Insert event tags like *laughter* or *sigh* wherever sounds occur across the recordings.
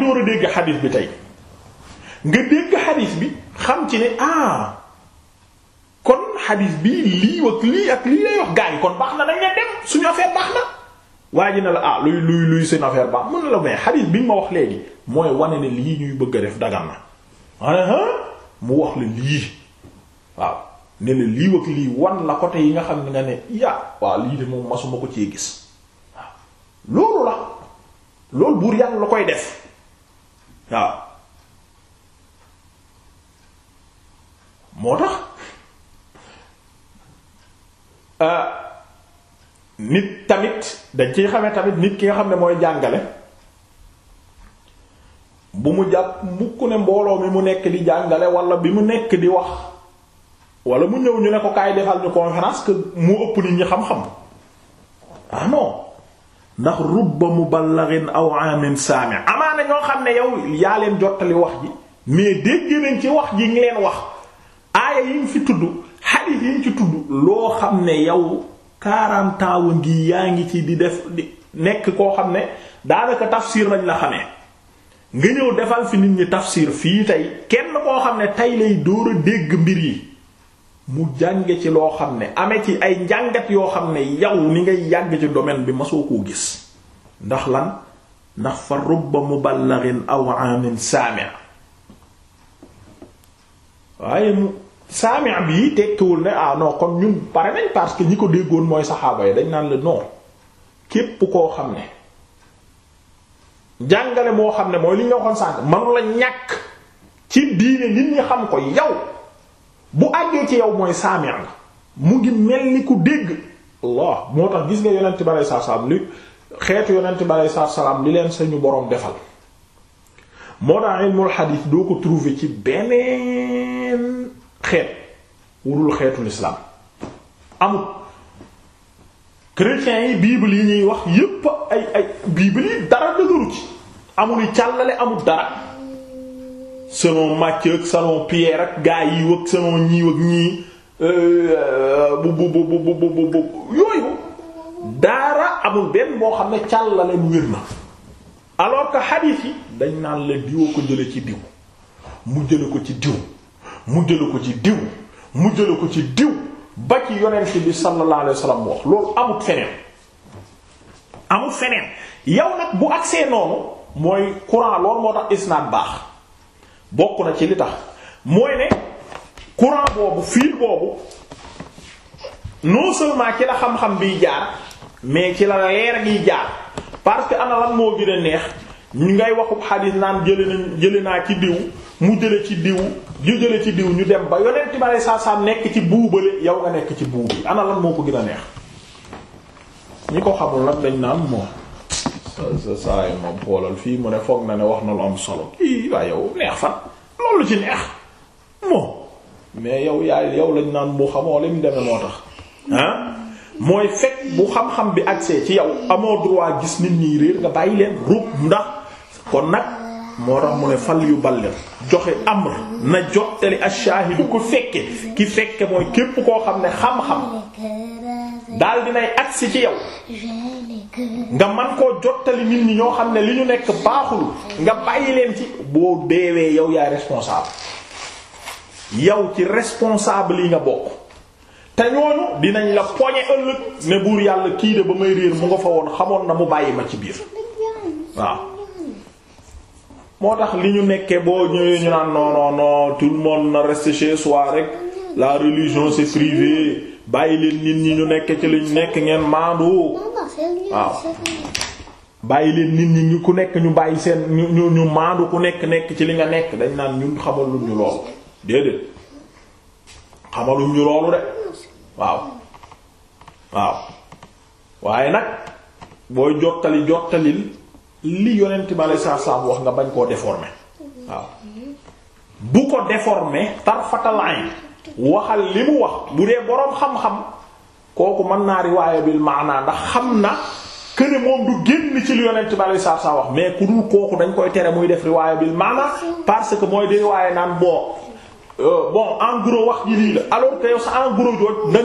ngi door a dégg xadis bi tey nga dégg xadis bi xam ci ne ah kon xadis bi lii ak lii ak lii lay wax gaa kon baax na dañ leen dem suñu affaire baax na waa ji la ah luy luy luy seen baax na ma wax léegi mooy wane ne lii ñuy bëgg def dagan mu wax la lii waaw ne la lii ak lii wan la côté yi nga xam ne nga ne ya waaw lii de moom masuma ko cee gis waaw loolu la loolu buur yàlla la koy def waaw moo tax euh, nit tamit dañ ciy xame tamit nit ki nga xam ne mooy jàngale bu mu jàpp mukk ne mbooloo mi mu nekk di jàngale wala bi mu nekk di wax walla mu ñëw ñu ne ko kaay defal ñu conférence que mu ëpp nit ñi xam-xam ah non ndax rubba muballighin aw amin saami amaana ñoo xam ne yow yaa leen jottali wax ji mais dégg ci wax ji ngi leen wax aaya yi ñu fi tudd hadith yi ñu ci tudd loo xam ne yow quarante ans ngi yaa ngi ci di def nekk koo xam ne daanaka tafsir lañ la xamee nga ñëw defal fi nit ñi tafsir fii tey kenn koo xam ne tey lay dóor dégg mbir yi mu jànge ci loo xam ne amee ci ay njàngat yoo xam ne yow ni ngay yàgg ci domaine bi masoo koo gis ndax lan ndax fa rubba muballighin aw amin saami' waaye mu saami' bi tekkiwul ne ah kon ñun pare nañ parce que ñi ko déggoon mooy saxaaba yi dañ naan la non képp koo xam ne jàngale moo xam ne mooy li ñu waxoon sànq manu la ñàkk ci diine nit ñi xam ko yow bu àggee ci yow mooy saami' nga mu ngi mel ni ku dégg Allah moo tax gis nga yonent bi aleyhi salaam li xeetu yonent bi aleyhi salaam li leen sañu boroom defal moo tax ilmul xadiis doo ko trouver ci beneen xeet wurul xeetu lislaam amul chrétiens yi bible yi ñuy wax yépp ay ay bible yi dara dëgëru ci amul càllale amul dara selon Matthieu ak selon Pierre ak gaa yi ak selon ñii ak ñii euh, bu bu bu bu bu bu yooyu daara amul benn boo xam ne càllale bu wér na alors que hadith yi dañ naan la diwoo ko jële ci diw mu jële ko ci diw mu jële ko ci diw mu jële ko ci diw ba ci yonent bi sallallahu alayhi wasallam wax loolu amut feneen amut feneen yow nag bu agsee noonu mooy courant loolu moo tax isnaad baax bokk na ci li tax mooy ne courant boobu fil boobu non seulement ci la xam-xam biy jaar mais ci la leer giy jaar parce que ana moo gën a neex ñu ngay waxub xadiis naan jële nañ naa ci diw mu jële ci diw ñu jële ci diw ñu dem ba yonent bi aleye saa salaam nekk ci buubale yow nga nekk ci buubi ana lan moo ko gën a neex ñi ko xamul nag dañ naan moom sa saa yi moom xoolal fii mu ne foog na ne wax na lu am solo kii waa yow neex fan loolu ci neex moom mais yow yaay yow lañ naan bu xamoo lim deme moo tax ah mooy fekk bu xam-xam bi accès ci yow amoo droit gis nit ñi réer nga bàyyi leen ruub ndax kon nag moo tax mu ne fal yu ballir joxe amr na jottali ashaahidu ku fekke ki fekke mooy képp koo xam ne xam-xam daal dinay agsi ci yow nga man koo jottali nit ñi ñoo xam ne li ñu nekk baaxul nga bàyyi leen ci boo deewee yow yaay responsable yow ci responsable yi nga bokk te ñooñu dinañ la poñe ëllëg ne buur yàlla kii de ba may réer mu nga fa woon xamoon na mu bàyyi ma ci biir waaw moo tax li ñu nekkee boo ñëwee ñu naan non tout le na reste chez soi rek la religion c'est privé bàyyi nit ñi ñu nekk ci ñu nekk ngeen maandu waaw bàyyi leen nit ñi ku nekk ñu bàyyi seen ñu ñu maandu ku nekk nekk ci li nga nekk dañ naan ñun xamaluñ ñu loolu déedéet xamaluñ ñu loolu de waaw waaye nag booy jottali jottalil li yonent bale saa saam wax nga bañ koo déformer waaw bu ko déformer tarfatal ayn waxal li mu wax bu dee boroom xam-xam kooku mën naa riwaaya bil maanaa ndax xam na këne moom du génn ci li yonent bi saa saa wax mais ku dul kooku dañ koy tere muy def riwaaya bil maanaa parce que mooy de riwaaya naan boo euh, bon en wax ji lii la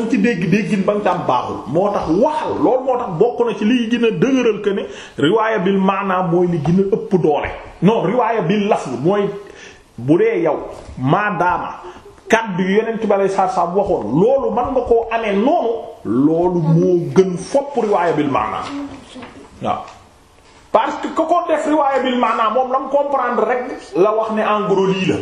ci dégg déggin ba nga baaxul moo tax waxal loolu moo tax bokk ci liy gën a dëgëral que ne maanaa mooy li gën a ëpp doole non riwaaya bil lafz mooy bu dee yow maadaama kàddu yu yeneen ci balay saar saab waxoon loolu man nga koo amee noonu loolu moo gën fopp riwaaya bil maana waaw parce que ko ko def riwaaya bil maana moom la mu comprendre rek la wax ne en gros lii la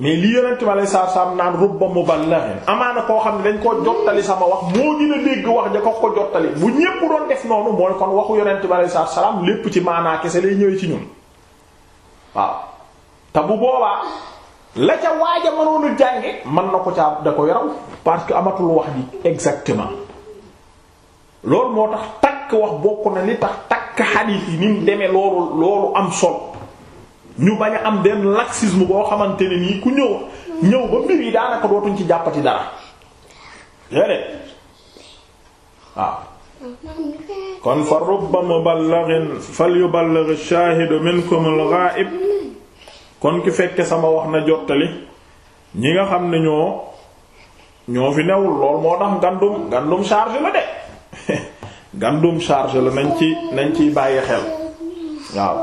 mais li yeneen ci balay saar saab naan rubba muballighin amaana koo xam ne dañ koo jottali sama wax moo gën a dégg wax ja ko ko jottali bu ñépp doon def noonu mooy kon waxu yeneen ci balay salaam lépp ci maanaa kese lay ñëwee ci ñun la ca waaja mënoon a jànge mën na ko caa da ko yaraw parce que amatul wax ji exactement loolu moo tax takk wax bokk na li tax takk xadiis yi ni mu demee loolu loolu am solo ñu bañ a am benn laxisme boo xamante ne nii ku ñëw ñëw ba mbir yi daanaka dootuñ ci jàppati dara déedéet waaw kon fa rubba muballighin falyuballigh ash-shaahidu minkum al-ghaa'ib kon ki fekke sama wax na jottali ñi nga xam ne ñoo ñoo fi newul lool moo tax gandum ngandum charge la de *laughs* ngandum charge la nañ ci nañ ciy bàyyi xel waaw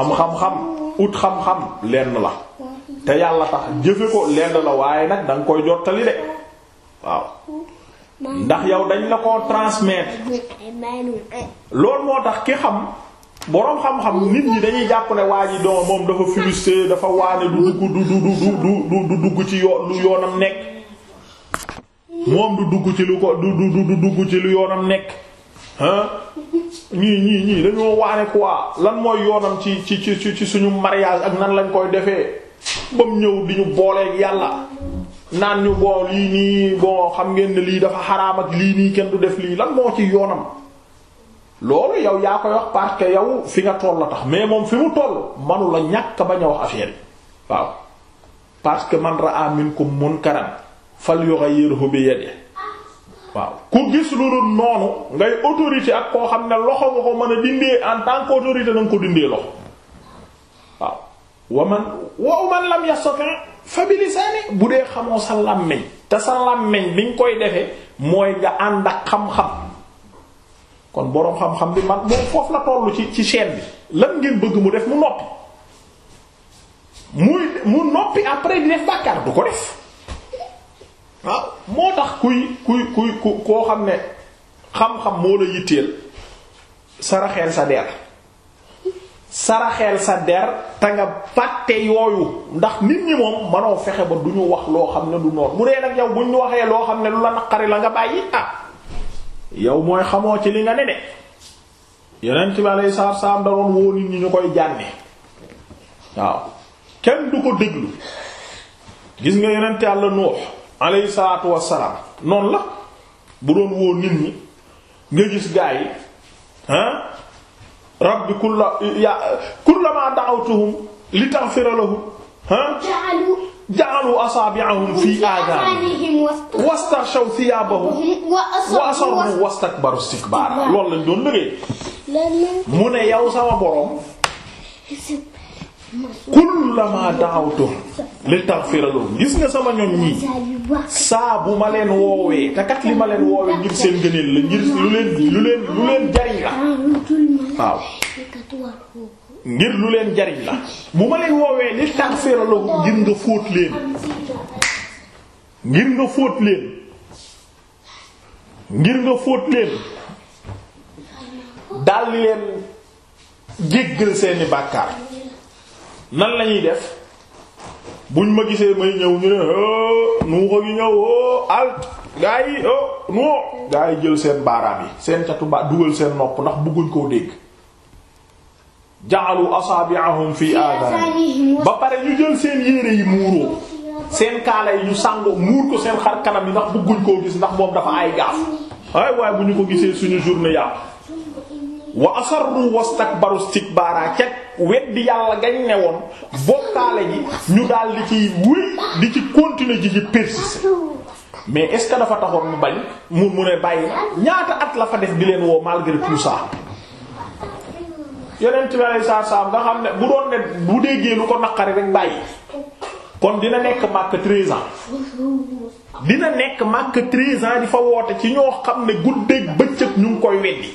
am xam-xam ut xam-xam lenn la te yàlla tax jëfe ko lenn la waaye nag da nga koy jottali de waaw ndax yow dañ la ko transmettre loolu moo tax ki xam boroom xam-xam nit ñi dañuy jàpp ne waa ji doom moom dafa frustré dafa waane du dugg du du du dugg ci yoon lu yoonam nekk moom du dugg ci lu ko du du du dugg ci lu yoonam nekk ah ñii ñii ñii dañoo waane quoi lan mooy yoonam ci ci ci ci suñu mariage ak nan lañ koy defee ba mu ñëw di ñu booleeg yàlla naan ñu bool lii nii bon xam ngeen ne lii dafa xaraam ak lii nii kenn du def lii lan moo ci yoonam. loolu yow yaa koy wax parce que yow fi nga toll la tax mais moom fi mu toll manu la ñàkk bañ a wax affaire yi waaw parce que man ra'a minkum munkaran falyughayyirhu bi yadihi waaw ku gis lu dul noonu ngay autorité ak koo xam ne loxo nga ko mën a dindee en tant qu'autorité na nga ko dindee loxo waaw waman wa man lam yastati fa bi lisaani bu dee xamoo sa làmmiñ te sa làmmiñ bi nga koy defe mooy nga ànd ak xam-xam kon boroom xam-xam bi man moom foofu la tollu ci ci chaîne bi lan ngeen bëgg mu def mu noppi muy mu noppi après di def bàkkaar du ko def waaw moo tax kuy kuy kuy ku koo xam ne xam-xam moo la yitteel saraxeel sa der saraxeel sa der te nga fàtte yooyu ndax nit ñi moom manoo fexe ba du ñu wax loo xam ne du noor bu dee nag yow bu ñu waxee loo xam ne lu la naqari la nga bàyyi ah. yow mooy xamoo ci li nga ne de yeneen ci wàllu saabsaab da doon woo nit ñi ñu koy jànne waaw kenn du ko déglu gis nga yeneen yàlla Nuux alayhi salaatu wassalaam noonu la bu doon woo nit ñi nga gis gaa yi ah rabbi kulla ya kullama da'awtuhum li taghfira lahum ah. ja'alu asaabi'ahum fi aadanihim wastaghshaw thiyaabahum wa asarru wastakbaru istikbaara loolu lañ doon liggéey mu ne yow sama borom kullama da'awtu litaghfira lahum gis nga sama ñoom ñii saa bu ma leen woowee te kat li ma leen woowee ngir seen gëneel la ngir lu leen lu leen lu leen jariñ ngir lu leen jariñ la bu ma leen woowee li taxfira la ngir nga fóot leen ngir nga fóot leen ngir nga fóot leen dal leen jéggal seeni bàkkaar nan lañuy def buñ ma gisee may ñëw ñu ne oh, nuuxa gi ñëw o oh, alt gaa yi o oh, nuo gaa yi jël seen baaraam yi seen catu ba dugal seen nopp ndax bëgguñ koo dégg ja'alu asaabi'ahum fi aadanihim ba pare ñu jël seen yére yi muuroo seen kaala yi ñu sàngoo muur ko seen xar kanam yi ndax bëgguñ koo gis ndax moom dafa ay gaaf ay waaye bu ñu ko gisee suñu journée yàpp wa asarru wastakbaru istikbaara ca weddi yàlla gañ ne woon bokkaale ji ñu daal di ci wéy di ci continuer ji ci persister mais est-ce que dafa taxoon mu bañ mu mu ne bàyyi ñaata at la fa def bi leen woo malgré tout ça yonent bi alayhi salaam nga xam ne bu doon ne bu déggee lu ko naqari rek bàyyi kon dina nekk màkk 13 ans dina nekk màkk 13 ans di fa woote ci ñoo xam ne guddeeg bëccëg ñu ngi koy weddi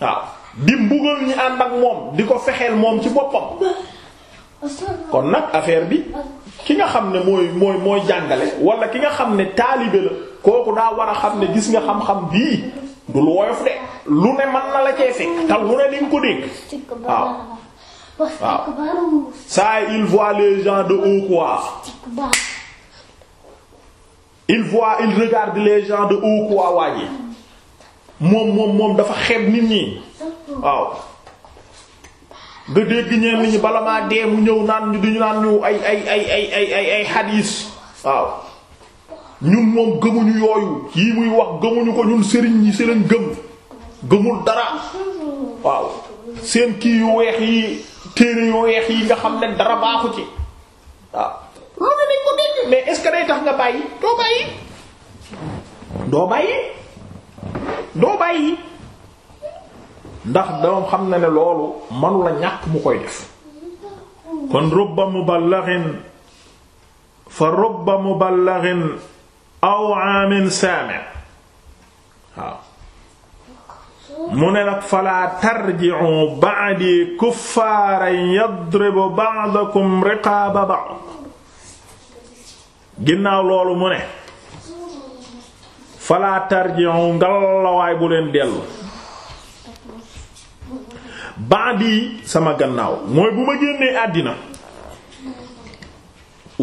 waaw di mbugal ñi ànd ak moom di ko fexeel moom ci boppam kon nag affaire bi ki nga xam ne mooy mooy mooy jàngale wala ki nga xam ne taalibe la kooku daa war a xam ne gis nga xam-xam bii du lu woyof de lu ne mën na la cee fekk te lu ne ni nga ko dégg waaw waaw ça il voit les gens de haut quoi il voit il regarde les gens de haut quoi waa ji moom moom moom dafa xeeb nit ñi waaw nga dégg ñeen ñi bala maa dee mu ñëw naan ñu duñu naan ñu ay ay ay ay ay ay ay xadiis waaw ñun moom gëmuñu yooyu yii muy wax gëmuñu ko ñun sëriñ yi sëriñ gëm gëmul dara waaw seen kii yu weex yi téere yu weex yi nga xam ne dara baaxu ci waaw ne nañ ko dégg mais est-ce que day tax nga bàyyi doo bàyyi doo bàyyi doo bàyyi ndax dama xam na ne loolu manula ñàkk mu koy def kon rubba muballighin fa rubba muballighin aw aamin saami waaw mu ne nag falaa tarji'u ba'di kuffaaran yadribu ba'dakum riqaaba ba'd ginnaaw loolu mu ne falaa tarji'u bu leen dellu ba'di sama gannaaw mooy bu ma génnee àddina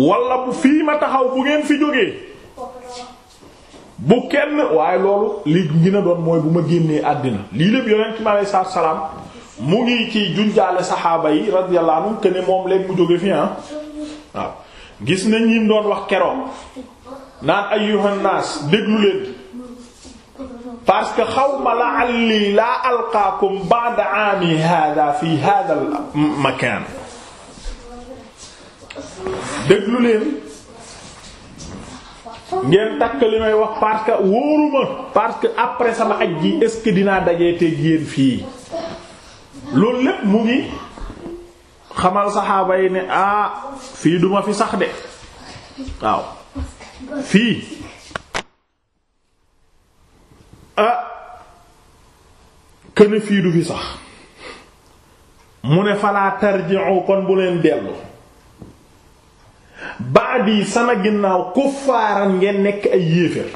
walla fii ma taxaw bu ngeen fi jógee bu kenn waaye loolu li gën a doon mooy bu ma génnee àddina lii lépp yonent mi aleyhi salaatu salaam mu ngi ci junjaale saxaaba yi radiyallahu anhum ne moom léegi mu jóge fi ah waaw gis nañ ñi doon wax keroog naan ayyuhan naas déglu leen parce que xaw ma la alli laa alqaakum ba'da aami haadaa fi haadal mm-, makaan déglu leen. ngeen takk li may wax parce que wóoruma parce que après sama aj gi est-ce dinaa dajee te yéen fii loolu lépp mu ngi xamal saxaaba yi ne ah fii duma fi sax de waaw fii ah këne fii du fi sax mu ne falaa tarji'u kon bu leen dellu ba'di sama ginnaaw kuffaaran nekk ay yéefér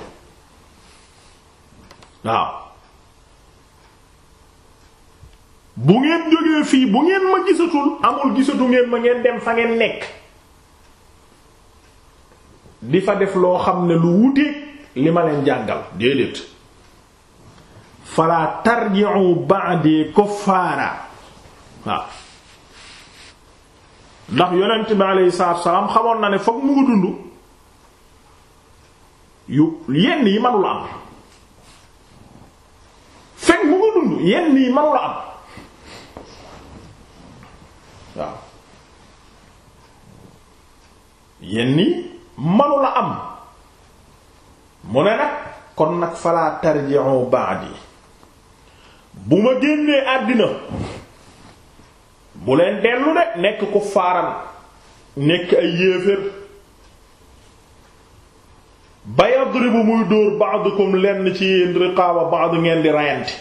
bu ngeen jógee fii bu ngeen ma gisatul amul gisatu ngeen ma ngeen dem fa ngeen nekk di fa def loo xam ne lu wuteeg li ma leen jàngal déedéet fala tarji'u ba'di kuffaara waaw ndax yonent bi aleyhi salaatu salaam xamoon na ne foog mu ngi dund yu yenn yi manula am fekk mu ngi dund yenn yi manula am waaw mu ne nag kon nag falaa tarji'u ba'di bu ma génnee àddina bu leen dellu de nekk ku faaran nekk ay yéeféer ba yadribu muy dóor ba'dukum lenn ci yéen riqaaba ba'd ngeen di rayante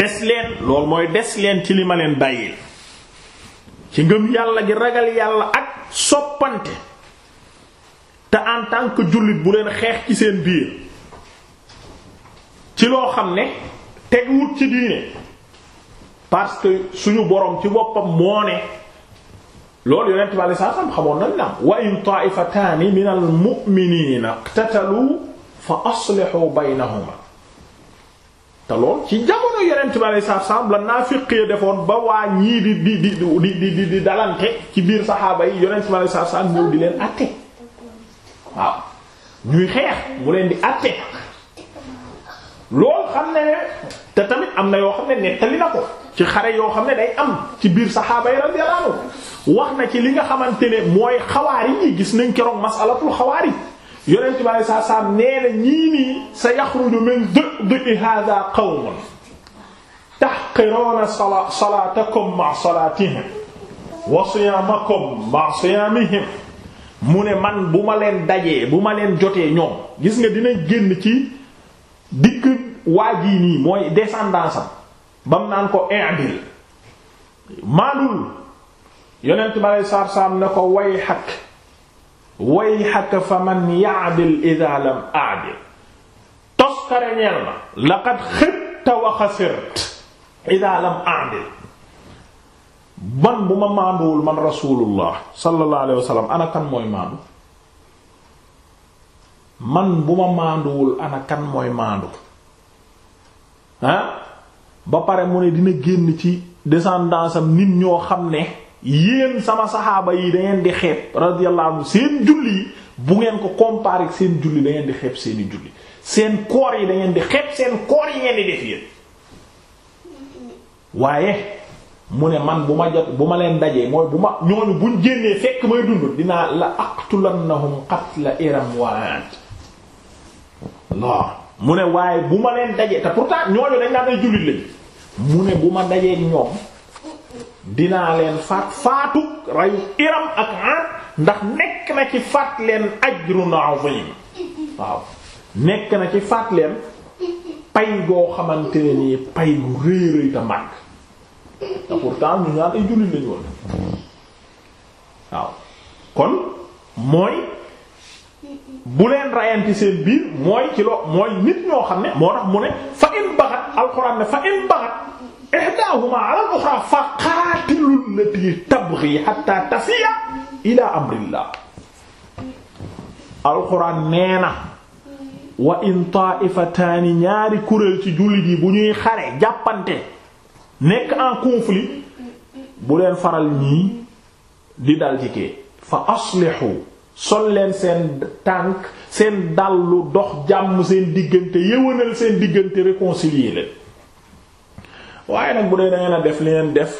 des leen loolu mooy des leen ci li ma leen dàyyil ci ngëm yàlla gi ragal yàlla ak soppante te en tant que jullit bu leen xeex ci seen biir ci loo xam ne teg wut ci diine parce que suñu borom ci boppam moo ne loolu yonent bi alayhi salaam xamoon nañ la wa in taa'ifataani minal mu'miniina iqtatalu fa aslihu baynahuma te lool ci jamono yonent bi alayhi salaam la naafiqee defoon ba waa di di di di ci biir saxaaba yi yonent bi alayhi salaam di leen ñuy xeex mu leen di àtte lool xam ne te tamit am na yoo xam ne nettali na ko ci xare yoo xam ne day am ci biir saxaaba yi radiyallahu wax na ci li nga xamante ne mooy xawaari yi gis nañ keroog masalatul xawaari yonent bi saa saa nee na ñii nii sa yaxruju min du'i haaza qawmun tahqiruuna salaatakum ma'a salaatihim wa siyaamakum ma'a siyaamihim mu ne man bu ma leen dajee bu ma leen jotee ñoom gis nga dina génn ci digg waa jii nii mooy descendance am bam naan ko indil maanul yonent mi aleyhi salaatu salaam ne ko way xakk way xakk fa man yaadil idaa lam aadil toskare ñeel na laqad xibta wa xasirt idaa lam aadil man bu ma maanduwul man rasulullah sallallahu alayhi wa sallam ana kan mooy maandu man bu ma maanduwul ana mooy maandu ah ba pare mu ne dina génn ci descendance am nit ñoo xam ne yéen sama saxaaba yi dangeen di xeeb radiyallahu anhu seen julli bu ngeen ko comparer ak seen di xeeb seeni julli seen koor yi da di xeeb seen koor yi ngeen di def yéen waaye mu ne man bu ma jot bu ma leen dajee mooy bu ma ñooñu buñ génnee fekk may dund dinaa la aqtulannahum qatla iram waad waaw mu ne waaye bu ma leen dajee te pourtant ñooñu dañ naan ay jullit lañ mu ne bu ma dajee ñoom dinaa leen faat faatu reyu iram ak an ndax nekk na ci faat leen ajrun azim waaw nekk na ci faat leen pay goo xamante ne nii pay gu rëy rëy te màgg te pourtant ñu naan ay jullit lañ woon waaw kon mooy buleen leen rayanti seen biir mooy ci loo mooy nit ñoo xam ne moo tax mu ne fa in baxat alxuraan ne fa in baxat ihdahuma ala al-ukhra fa qatilul lati tabghi hatta tafiya ila amrillah alxuraan nee na wa in taifataani ñaari kuréel ci jullit yi bu ñuy xare jàppante nekk en conflit bu leen faral ñii di dal ci kee fa aslihu sol leen seen tànk seen dàllu dox jàmm seen diggante yëwanal seen diggante réconcilier leen waaye nag bu dee da ngeen a def li ngeen def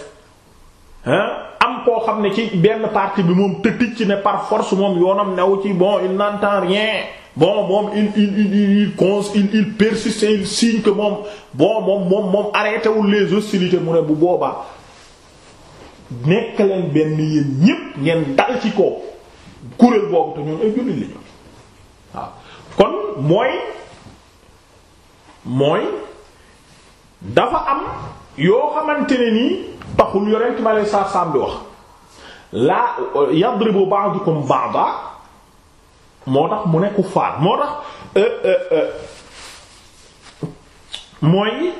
am koo xam ne ci benn partie bi moom tëtic ci ne par force moom yoonam new ci bon il n'entend rien bon moom il il il il cons il il persiste il signe moom bon moom moom moom arrêté wul les hostilités mu ne bu boobaa nekk leen benn yéen ñépp ngeen dal ci ko kuréel boobu te ñun ay jullit lañu waaw kon mooy mooy dafa am yoo xamante ne nii taxul yorent ma lay saa saam bi wax laa yadribu ba'dukum ba'da moo tax mu nekku faat moo tax euh, euh, euh, mooy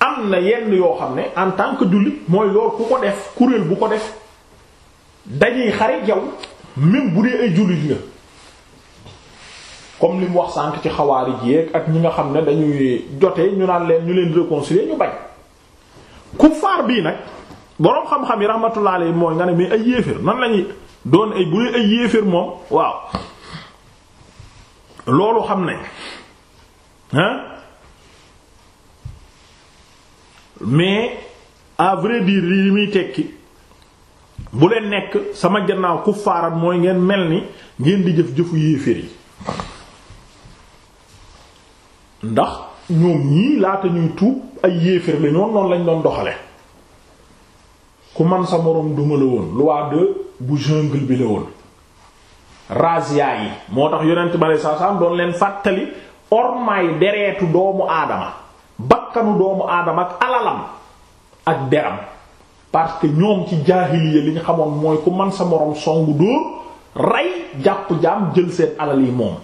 am na yenn yoo xam ne en tant que jullit mooy loolu ku ko def kuréel bu ko def dañuy xare yow même bu dee ay jullit nga comme li mu wax sànq ci xawaari ji ak ñi nga xam ne dañuy jotee ñu naan leen ñu leen réconcilier ñu bañ kuffaar bii nag boroom xam-xam yi rahmatullah alayhi mooy nga ne mais ay yéeféer nan nañ doon ay bu dee ay yéeféer moom waaw loolu xam nañ hein mais à vrai dire li muy tekki bu leen nekk sama gannaaw kuffaaran mooy ngeen mel ni ngeen di jëf jëfu yéeféer yi ndax ñoom ñii laata ñuy tuub ay yéeféer la ñoom noonu lañ doon doxale ku man sa moroom duma la woon loi de bu jungle bi la woon razia yi moo tax yonent bi aleye saa salaam doon leen fàttali ormaay dereetu doomu aadama bakkanu doomu aadama ak alalam ak deram parce que ñoom ci jaahiliya li xamoon mooy ku man sa moroom songu dóor rey jàpp jaam jël seen alal yi moom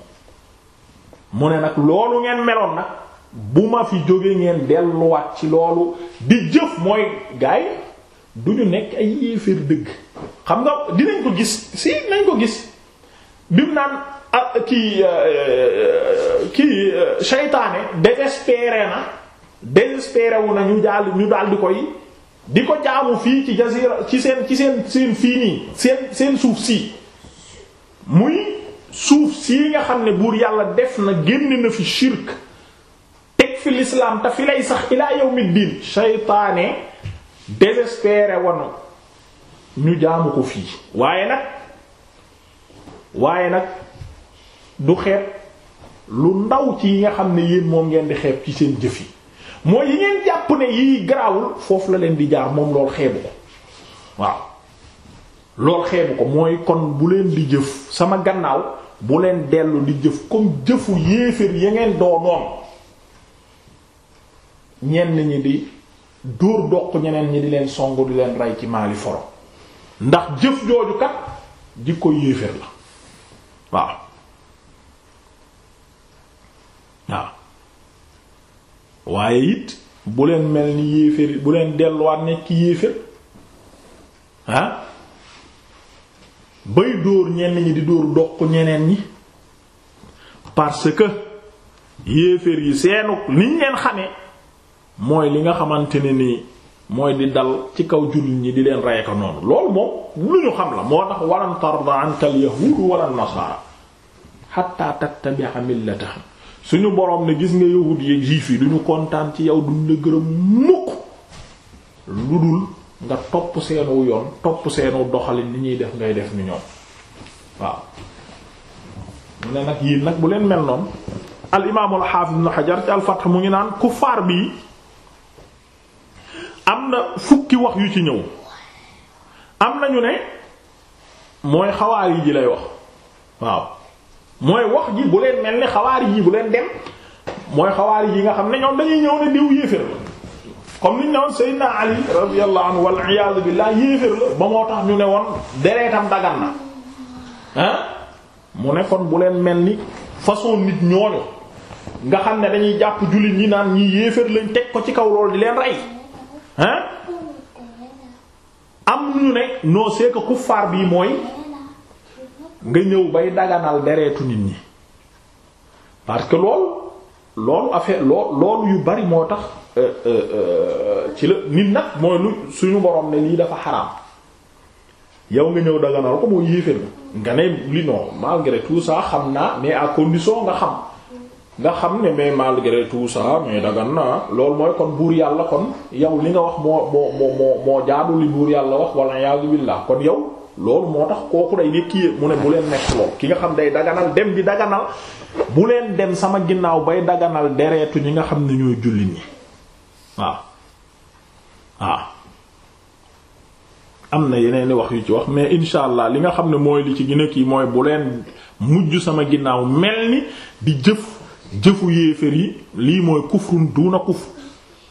mu ne nag loolu ngeen meloon nag bu ma fi jógee ngeen delluwaat ci loolu di jëf mooy gaay du ñu nekk ay yéeféer dëgg xam nga dinañ ko gis si nañ ko gis bim naan ah, kii euh, euh, kii euh, seytaane désespéré na désespéré wu na ñu daal ñu daal di koy di ko jaamu fii ci jazira ci seen ci seen seen fii nii seen seen suuf sii muy suuf sii nga xam ne buur yàlla def na génn na fi shirk teg fi l'islam te fi lay sax ilaa yawmiddin seytaane désespéré wanu ñu jaamu ko fii waaye nag waaye nag du xeeb lu ndaw ci yi nga xam ne yéen moom ngeen di xeeb ci seen jëf yi mooy yi ngeen jàpp ne yii garaawul foofu la leen di jaar moom lool xeebu ko waaw lool xeebu ko mooy kon bu leen di jëf sama gannaaw bu leen dellu di jëf comme jëfu yéeféer ya ngeen doonoon ñenn ñi di dóor doq ñeneen ñi di leen songu di leen rey ci maali foro ndax jëf jooju kat jikko yéeféer la waaw waaye it bu leen mel ni yéeféer bu leen delluwaat nekk yéeféer ah bay dóor ñenn ñi di dóor doq ñeneen ñi parce yéeféer yi seenu niñ leen xamee mooy li nga xamante ne nii mooy di dal ci kaw jullit ñi di leen rey ko noonu loolu moom lu ñu xam la moo tax walan tarda anka al yahuud wala nasaara hatta tattabi'a suñu boroom ne gis nga yahud yi juif yi duñu kontaan ci yaw duñ la gërëm mukk lu dul nga topp seenu yoon topp seenu doxalin li ñuy def ngay def ni ñoom waaw mu ne nag yii nag bu leen mel noonu al imaamul xaafis ibn xajar ci al fath mu ngi naan kufaar bii am na fukki wax yu ci ñëw am nañu ne mooy xawaar yi ji lay wax waaw mooy wax ji bu leen mel ni xawaari yi bu leen dem mooy xawaari yi nga xam ne ñoom dañuy ñëw ne diw yéefér la comme niñ ne woon Seydina Ali wal iyaadu billah yéefér la moo tax ñu ne woon dereetam dagan na ah bu leen mel ni façon nit ñooñu nga xam ne dañuy jàpp jullit ñi naan ñi yéefér lañ teg ko ci kaw loolu di leen rey ah am ñu ne non c'est que kuffaar bii mooy nga ñëw bay daganal deretu nit ñi parce que loolu loolu affaire lool loolu yu bari moo tax euh, euh, euh, ci la nit nag mooy lu suñu borom ne lii dafa xaraam yow nga ñëw daganal ko moo yéefér nga ne li non malgré tout xam naa mais ak condition nga xam nga xam ne mais malgré tout ça mais dagan na mooy kon buur yàlla kon yow li nga wax moo moo moo moo moo jaadu li buur yàlla wax wala yaazu billah kon yow loolu moo tax kooku day di kii mu ne bu leen nekk lool ki nga xam day daganal dem di daganal bu leen dem sama ginnaaw bay daganal dereetu ñi nga xam ne ñooy jullit ñi waaw waaw am na yeneen wax yu ci wax mais insha allah li nga xam ne mooy li ci gën kii mooy bu leen mujj sama ginnaaw mel ni di jëf jëfu yéefér yi lii mooy kufrun duuna kufr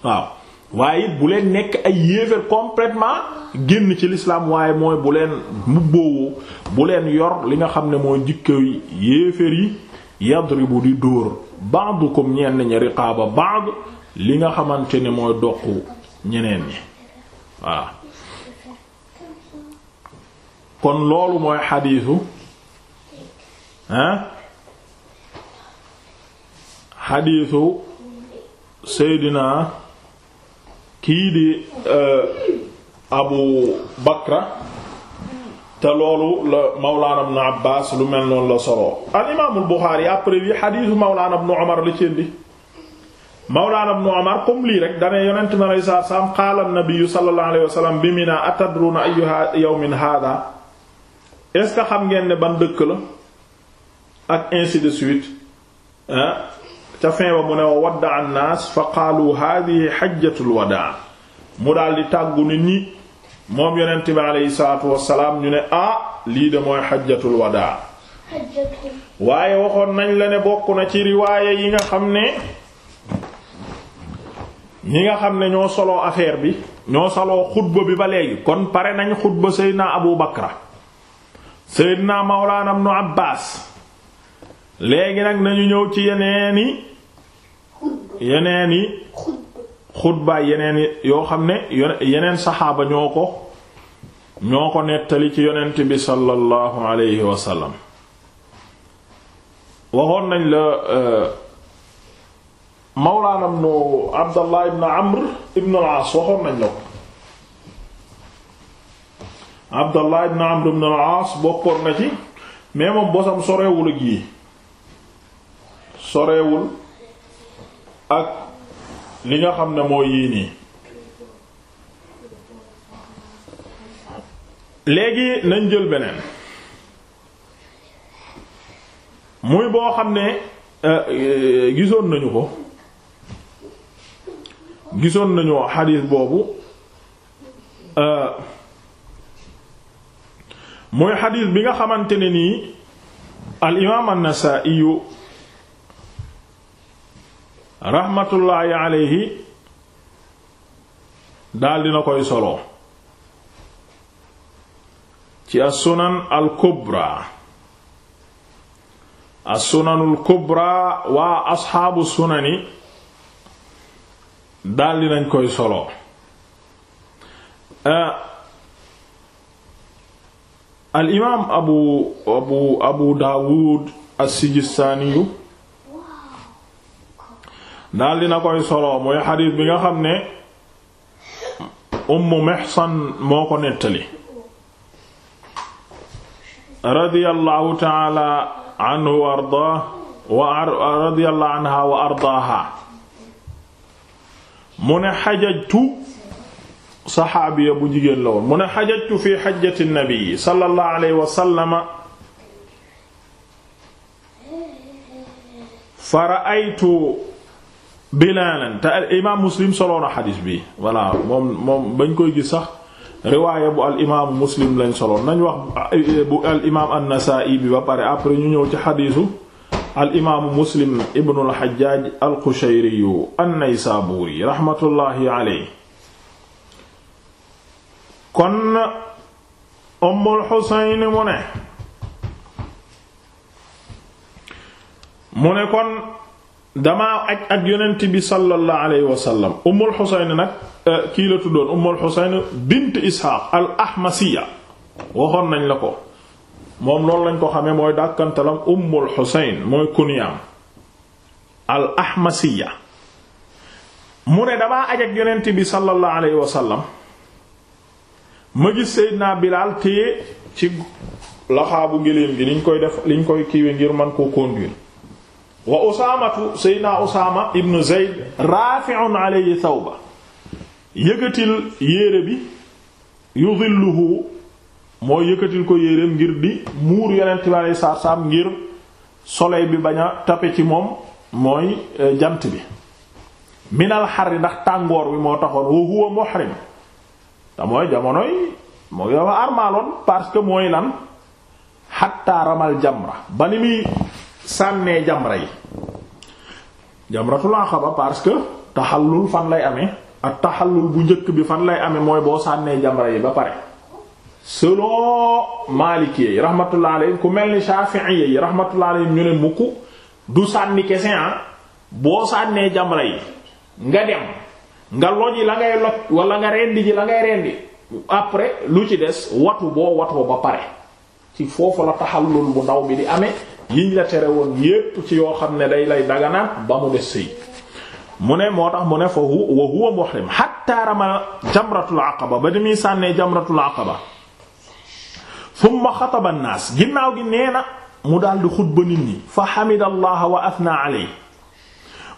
waaw waaye it bu leen nekk ay yéeféer complètement génn ci l'islam waaye mooy bu leen mbubboowu bu leen yor li nga xam ne mooy jikko yéeféer yi bu di dóor ko ñenn ñi riqaaba ba'd li nga xamante ne mooy doq ñeneen ñi voilà kon loolu mooy xadiisu ah xadiisu seydinaa kii de euh, abu bakra te loolu la mawlaana ibn abbaas lu mel noonu la solo al imaamul buxaari après yi xadiisu mawlaana ibn umar la cendi mawlaana ibn umar comme lii rek dane yonent mi alayhi salaatu wa salaam qaala an-nabiyyu sallallahu alayhi wa sallam bi Mina atadruuna haadaa est xam ngeen ne ban dëkk la ak ainsi de suite ah ca fin mu ne wa wadda an fa qaalu hadihi xajjatul wadaa mu daldi tàggu nit ñi moom yonent bi aleyhi salaatu wasalaam ñu ne ah lii de mooy xajatul wadaa waaye waxoon nañ la ne bokk na ci riwaaya yi nga xam ne ñi nga xam ne ñoo soloo affaire bi ñoo soloo xutba bi ba léegi kon pare nañ xutba seydina abu bakra seydina mawlaana ibnu abbaas léegi nag nañu ñëw ci yeneeni yeneen yeneeni xutbaay yeneen yoo xam ne yeneen saxaaba ñoo ko ñoo ko nettali ci yonent bi sallallahu alayhi wa waxoon nañ la euh, mawlaana ibnu abdallah ibnu amr ibnu al waxoon nañ la ko abdallah ibnu amr ibnu al-aas bokkoon na ci mais moom bosam sorewul ak yii sorewul ak li nga xam ne mooy yii nii léegi nañ jël beneen muy boo xam ne euh, euh, gisoon nañu ko gisoon nañu xadiis boobu euh, muy xadiis bi nga xamante ne nii al imaam an-Nasaa'i raxmatullaahi alayhi daal dina koy solo ci as-sunan al-kubra as-sunanul kubra waa asxaabu sunani daal dinañ koy solo eh, al imaam abu abu abu daawud as-sijistaaniyu daal dina koy soloo mooy xadiis bi nga xam ne ummu mihsan moo ko nettali radiyallahu taala anhu wa ardaa wa radiyallahu anha wa ardaaha mu ne xajajtu saxaabiya bu jigéen la woon mu ne xajajtu fi xajjati nabi sallallahu alayhi wa sallama fa ra'aytu bilaalan te al imaam muslim soloon na xadis bi voilà moom moom bañ koy gis sax riwaaya bu al imaamu muslim lañ soloon nañ wax bu al imaam an-Nasaa'i bi ba pare après ñu ñëw ci xadisu al imaamu muslim ibnu al Hajjaaj al Qushayri an-Naysaabuuri raxmatullaahi alayhi kon Ummul Xusayn mu ne mu ne kon damaa aj ak yonent bi sallallahu alayhi wa ummul xusayn nag eh, kii la tuddoon ummul xusayn bint isxaaq al ahmasiya waxoon nañ la ko moom loolu lañ ko xamee mooy dàkkantalam ummul xusayn mooy kuniyaam al ahmasiya mu ne damaa aj ak yonent bi sallallahu alayhi wa ma gis Seydina Bilaal téye ci laxaabu géléem gi liñ koy def liñ koy kiiwe ngir man koo conduire wa usaamatu seydna usaama ibnu zeyd raafi'un alayhi thawba yëkkatil yére bi yudilluhu moo yëkkatil ko yéreem ngir di muur yeneen bi alayhi salaatu salaam ngir soleil bi bañ a tape ci moom mooy eh, jant bi minal yi ndax tàngoor bi moo taxoon wa huwa muhrim te mooy jamonoy mooy dafa armaaloon parce que mooy lan xatta ramal jamra ba ni muy sànnee jamra yi jamratul aqaba parce que taxallul fan lay ame ak taxallul bu njëkk bi fan lay amee mooy boo sànnee jamra yi ba pare selon maalikee yi rahmatullah alayhi ku mel ni shafi'i yi rahmatullah alayhi ñu ne mukk du sànni kese ah. boo sànnee jamra yi nga dem nga yi la ngay loj wala nga rendi ji la ngay rendi après lu ci des watu boo watoo ba pare ci foofu la taxallul bu ndaw bi di amee yiñ la tere woon yépp ci yoo xam ne day lay daganaat ba mu des sëy mu ne moo tax mu ne fa wa huwa muhrim hatta rama jamratul aqaba ba di sànnee jamratul aqaba thumma xataba an ginnaaw gi mu daldi xutba nit ñi fa wa athna alayhi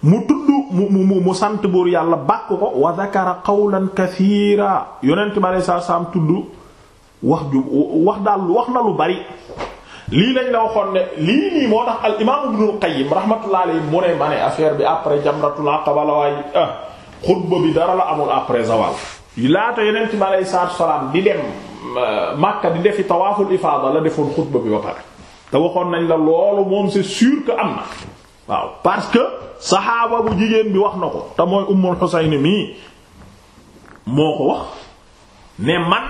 mu tudd mu mu mu sant buur yàlla bàkk ko wa dhakara qawlan kathiira yonent salaam tudd wax daal wax na lu bari lii lañ la waxoon ne lii nii moo tax al imaam Ibnul Qayyim rahmatullahi mu ne ma ne bi après jamratul aqaba la ah, xutba bi dara la amul après zawal laata yeneen ci ma lay salaatu salaam di dem euh, Makka di defi tawaaful ifaada la defoon xutba bi ba te waxoon nañ la loolu moom c'est sûr que am na waaw parce que saxaaba bu jigéen bi wax na ko te mooy Ummul Husayn mii moo ko wax ne man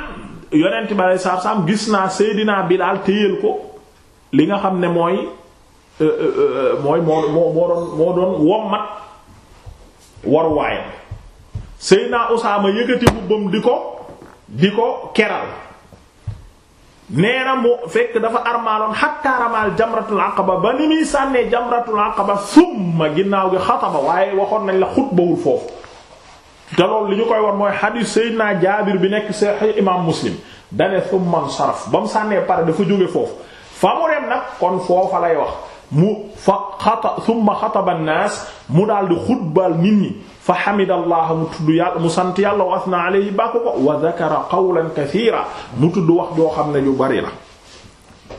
yonent bi alayhi salaatu salaam gis naa Seydina Bilaal téyeel ko. li nga xam ne mooy euh, euh, euh, mooy moo moo moo doon moo doon wommat waruwaayam Seydina Usaama yëkkati mbubbam di ko di ko keral nee na mu fekk dafa armaaloon hatta ramaal jamratul aqaba ba ni muy sànnee jamratul aqaba summa ginnaaw gi xataba waaye waxoon nañ la xutbawul foofu te loolu li ñu koy war mooy xadiis Seydina Jaabir bi nekk Sahih imam Muslim dane summa saraf ba mu sànnee pare dafa jóge foofu fa mu dem nag kon lay wax mu fa xata summa mu daal di xutbal fa xamida allaha mu tudd sant yàlla wa asna alayhi tudd wax joo xam ne yu bari la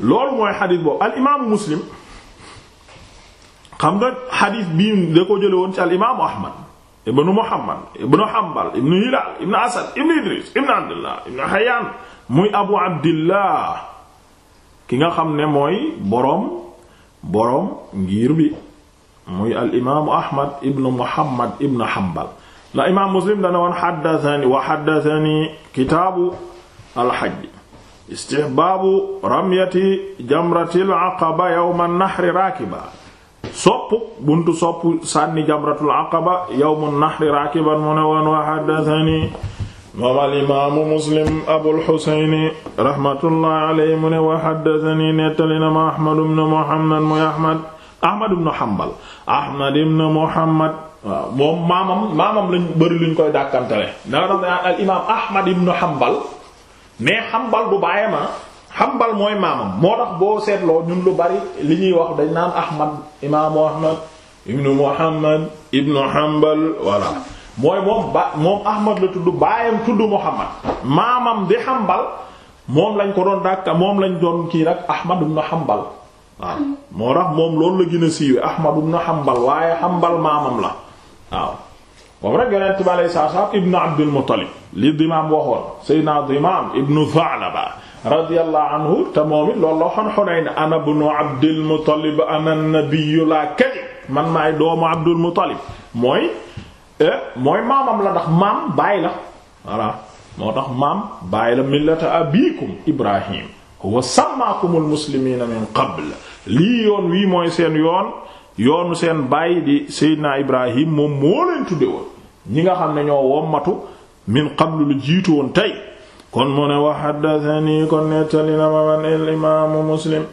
loolu mooy xadis boobu al muslim xam nga xadis bii da ko jële woon ci al ahmad ibnu muhammad ibnu hanbal ibnu hilal ibnu asad ibnu idris ibnu abdullah ibnu hayyan muy abu abdillah ki nga xam ne mooy boroom boroom ngir bi muy al imaamu ahmad ibnu muhammad ibnu la imaam muslim dana woon xaddatani wa xaddatani kitaabu alxajj istihbaabu ramyati jamratil aqaba yowma nahri raakiba sopp buntu sopp sànni jamratul aqaba yowma nahri raakiban mu ne woon wa xaddatani moom alimaamu muslim abulxusayni rahmatullah aley mu ne wa xaddatani nettali na ma ahmadu bnu mohammad muy ahmad ahmad bnu hambal ahmad bnu mohammad waaw moom maamam maamam lañ bëri luñ koy dàkkantele danga daf na al imaam ahmad ibnu hambal mais hambal bu bàyyema ah, hambal mooy maamam moo tax boo seetloo ñun lu bari li ñuy wax dañ naan ahmad imaamu ahmad ibnu mohammad ibnu hambal voilà mooy moom ba moom ahmad la tudd baayam tudd muhammad maamam di hambal moom lañ ko doon dàkk moom lañ doon kii nag ahmad ibn hambal waaw moo tax moom loolu la gën a siiwee ahmad ibn hambal waaye hambal maamam la waaw moom rek yonent bi alayhi salaatu salaam ibn abdul muttalib li dimaam waxoon sayyidina dimaam ibn tha'laba radiyallahu te moom it loolu la waxoon Hunayn ana ibnu abdul muttalib ana nabiyyu la kadhib man maay doomu abdul muttalib mooy mooy maamam la ndax maam baay la voilà moo tax maam baay la millata abikum ibrahim huwa sammaakumul muslimiina min qabl lii yoon wii mooy seen yoon yoonu seen baay di seydinaa ibrahim moom moo leen tudde woon ñi nga xam ne ñoo wommatu min qabl lu jiitu woon tey kon mu ne wa haddathani kon nettali na ma man al muslim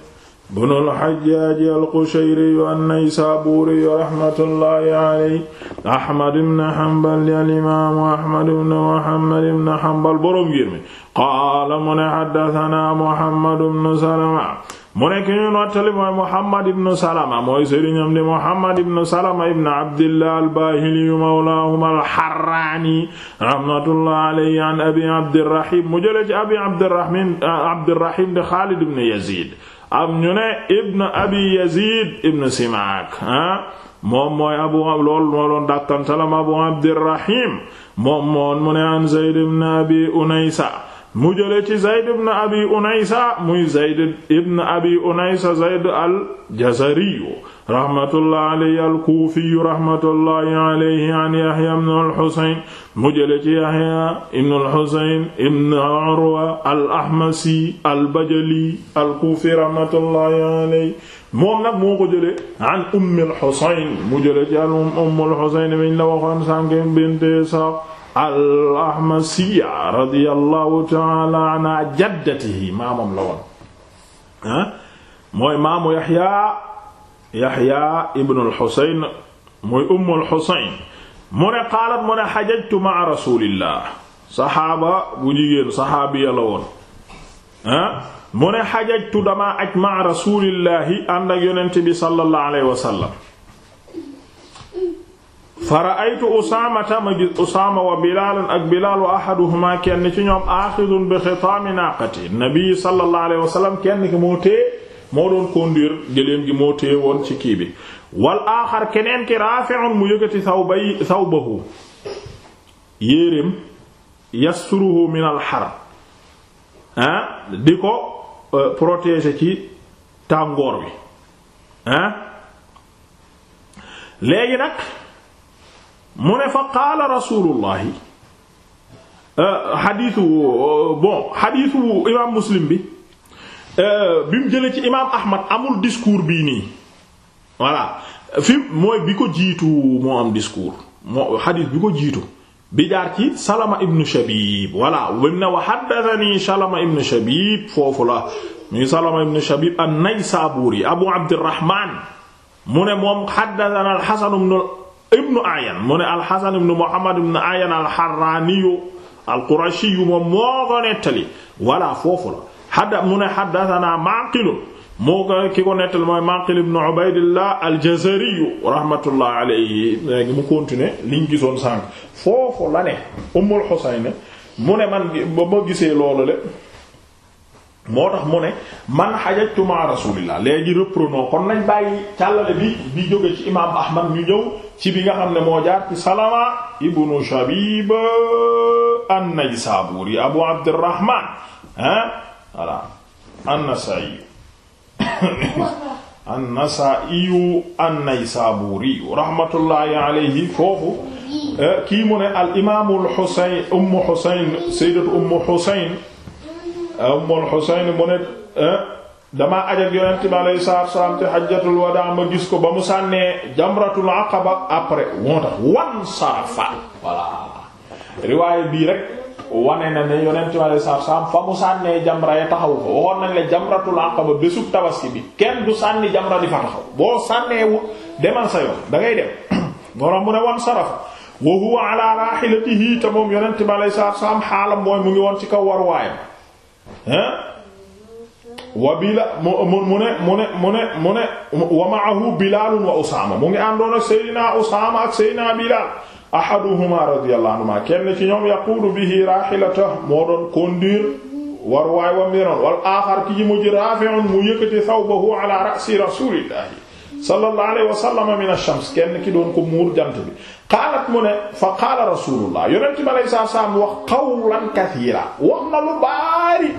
bunu lxajjaaji alqushayriyu annaysaabuuriyu raxmatullahi aley ahmad ibn hanbal di alimaamu ahmad ibn muhammad ibn hanbal boroom ngir mi qaala mu ne xaddatanaa muhammad ibn salama mu ne ki ñu nottali mooy muhammad ibn salama mooy sëriñam di muhammad ibn salama ibn abdillah albaahiliyu mawlaahum alxarraani raxmatullahi aley an abi abdirahim mu jëlee ci abi abdirahim abdirahim di xaalid ibn yaziid am ñu ne abi yazid ibn simaak ah moom mooy abu lool moo doon dàkkantalam abu abdirahim moom moon mu an zayd ibn abi unaysa mu jële ci zayd ibn abi unaysa muy zayd ibn abi unaysa zayd al jazariyu rahmatullah alayhi al kuufiyu rahmatullahi alayhi an yahya ibn al husayn mu jële ci yahya ibn al husayn ibn urwa al ahmasi al bajali al kuufi rahmatullahi alayhi moom nag moo ko jële an ummi al husayn mu jële ci al ummi al husayn min la waxoon sànk bint Isaaq al-Ahmasiyya radiyallahu ta'ala anha jaddatihi maamam la woon ah mooy maamu Yaxya Yaxya ibn al-Husayn mooy Umm al-Husayn mu qaalat mu ne xajajtu ma'a rasulillah saxaaba bu jigéen saxaabiya la woon ah mu ne xajajtu damaa aj ma'a bi sallallahu alayhi fa ra'aytu usaamata ma gis usaama wa bilaalan ak bilaal wa kenn ci ñoom aaxidun bi xitaami naaqati nabi sallallahu alayhi wa kenn ki moo téye moo doon conduire gëléem gi moo téye woon ci kii bi wal aaxar keneen ki raafi'un mu yëkkati sawbay sawbahu yéeréem yasturuhu min al xar di ko euh, protéger ci tàngoor wi ah léegi mu ne fa qaala rasulullahi euh, xadiisu euh, bon xadiisu imaam muslim bi euh, bi mu jëlee ci imaam ahmad amul discours bii nii voilà fi mooy bi ko jiitu moo am discours moo xadiis bi ko jiitu bi jaar ci salama ibnu shabib voilà wam ne wa xaddatani salama ibnu shabib foofu la muy salama ibnu shabib an naysaburi abu abdirahman mu ne moom xaddatana alxasan ibnu ibnu ayan mu ne alxasan ibnu muhammad ibnu ayan alxaraaniyu alqurashiyu moom moo ko nettali walla foofu la xadda mu ne xaddatanaa maqilu moo ko ki ko nettali mooy maqil ibnu ubaydillah aljazariyu rahmatullah alayhi léegi mu continuer liñ gisoon sànq foofu la ne ummul xusayn mu ne man ba ma gisee loolu le moo tax mu ne man xajajtu ma rasulillah léegi reprenons kon nañ bàyyi càllale bi bi jóge ci imaam ahmad ñu ñëw ci bi nga xam ne moo jaar ci salama ibnu shabib an-naysaburi abu abdurrahman ah voilà an-nasa'i *coughs* an-nasa'i an-naysaburi rahmatullahi alayhi foofu eh, kii mu ne al imaamul husayn ummu husayn sayyidatu ummu husayn Ummul Husayn mu ne eh, damaa aj ak yonent bi alayhi salaatu salaam te hajjatul wadaa ma gis ko ba mu sànnee jamratul aqaba après moo tax wan sarafa voilà riwaaye bii rek wane na ne yonent bi alayhi salaatu salaam fa mu sànnee jamra ya taxawu fa waxoon nañ la jamratul aqaba bésub tabaski bi kenn du sànni jamra di fa taxaw boo sànneewu demal sa yoon da ngay dem moroom *coughs* mu ne wan sarafa wa huwa ala rahilatihi te moom bi alayhi salaatu salaam xaalam mooy mu ngi woon ci kaw war wa bila mu mu ne mu ne mu ne mu ne wa ma'ahu Bilaal wa Usaama mu ngi àndoon ak Seydina Usaama ak Seydina Bilaal ahaduhuma radiyallahu anhuma kenn ci ñoom yaquudu bihi raahilatahu moo doon conduire war waay wa miroon wal aaxar ki ji mujj raafi'un mu yëkkati thawbahu ala ra'si rasuulillahi sallallahu alayhi wa sallam min ash-shams kenn ki doon ko muur jant bi qaalat mu ne fa qaala rasulullah yonent bi alayhi salaam wax qawlan kathiira wax na lu bari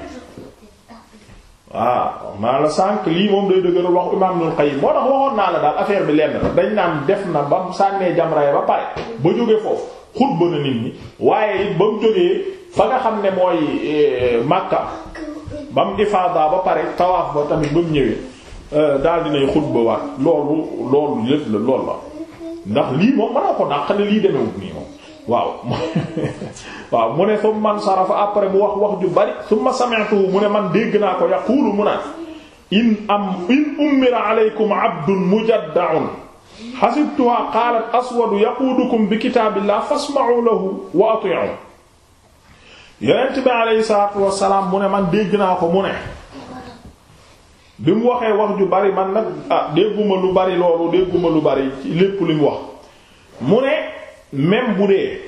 waaw ah, maa la sànq lii moom day dëgëral wax imaam Ibnul xay moo tax waxoon naa la daal affaire bi lenn la dañ naan def na ba mu sànnee jamra ba pare ba jógee foofu xutba na nit ñi waaye it ba mu jógee fa nga xam ne mooy eh, Makka ba mu ifaada ba pare tawaaf ba tamit ba mu ñëwee eh, daal dinay xutba waat loolu loolu lépp la loolu la ndax lii moom mënoo ko dàq ne lii demewut nii waaw waaw mu ne foofu man sarafa après mu wax wax ju bari summa sami'tu mu ne man dégg naa ko yaqulu mu naan in am in ummira aleykum abdun hasibtuha qaalat aswadu yaquudukum bi kitaabillah fasma'u lahu wa ati'u yonent bi aleyhi salaatu wassalaam mu ne man dégg naa ko mu ne bi mu waxee wax ju bari man nag ah dégguma lu bari loolu dégguma lu bari lépp li mu wax mu ne même bu dee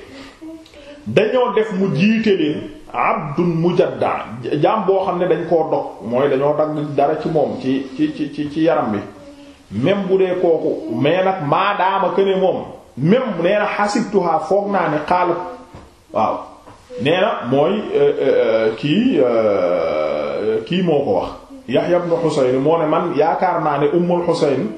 dañoo def mu jiite leen abdun mujadda jaam boo xam ne dañ koo dog mooy dañoo dagg dara ci moom ci ci ci ci yaram bi même bu dee kooku mais nag maadaama que ne moom même nee na xasibtuhaa foog naa ne xaalat waaw nee na mooy euh, euh, euh, kii kii moo ko wax Yahya ibn Husayn moo ne man yaakaar naa ne Ummul Husayn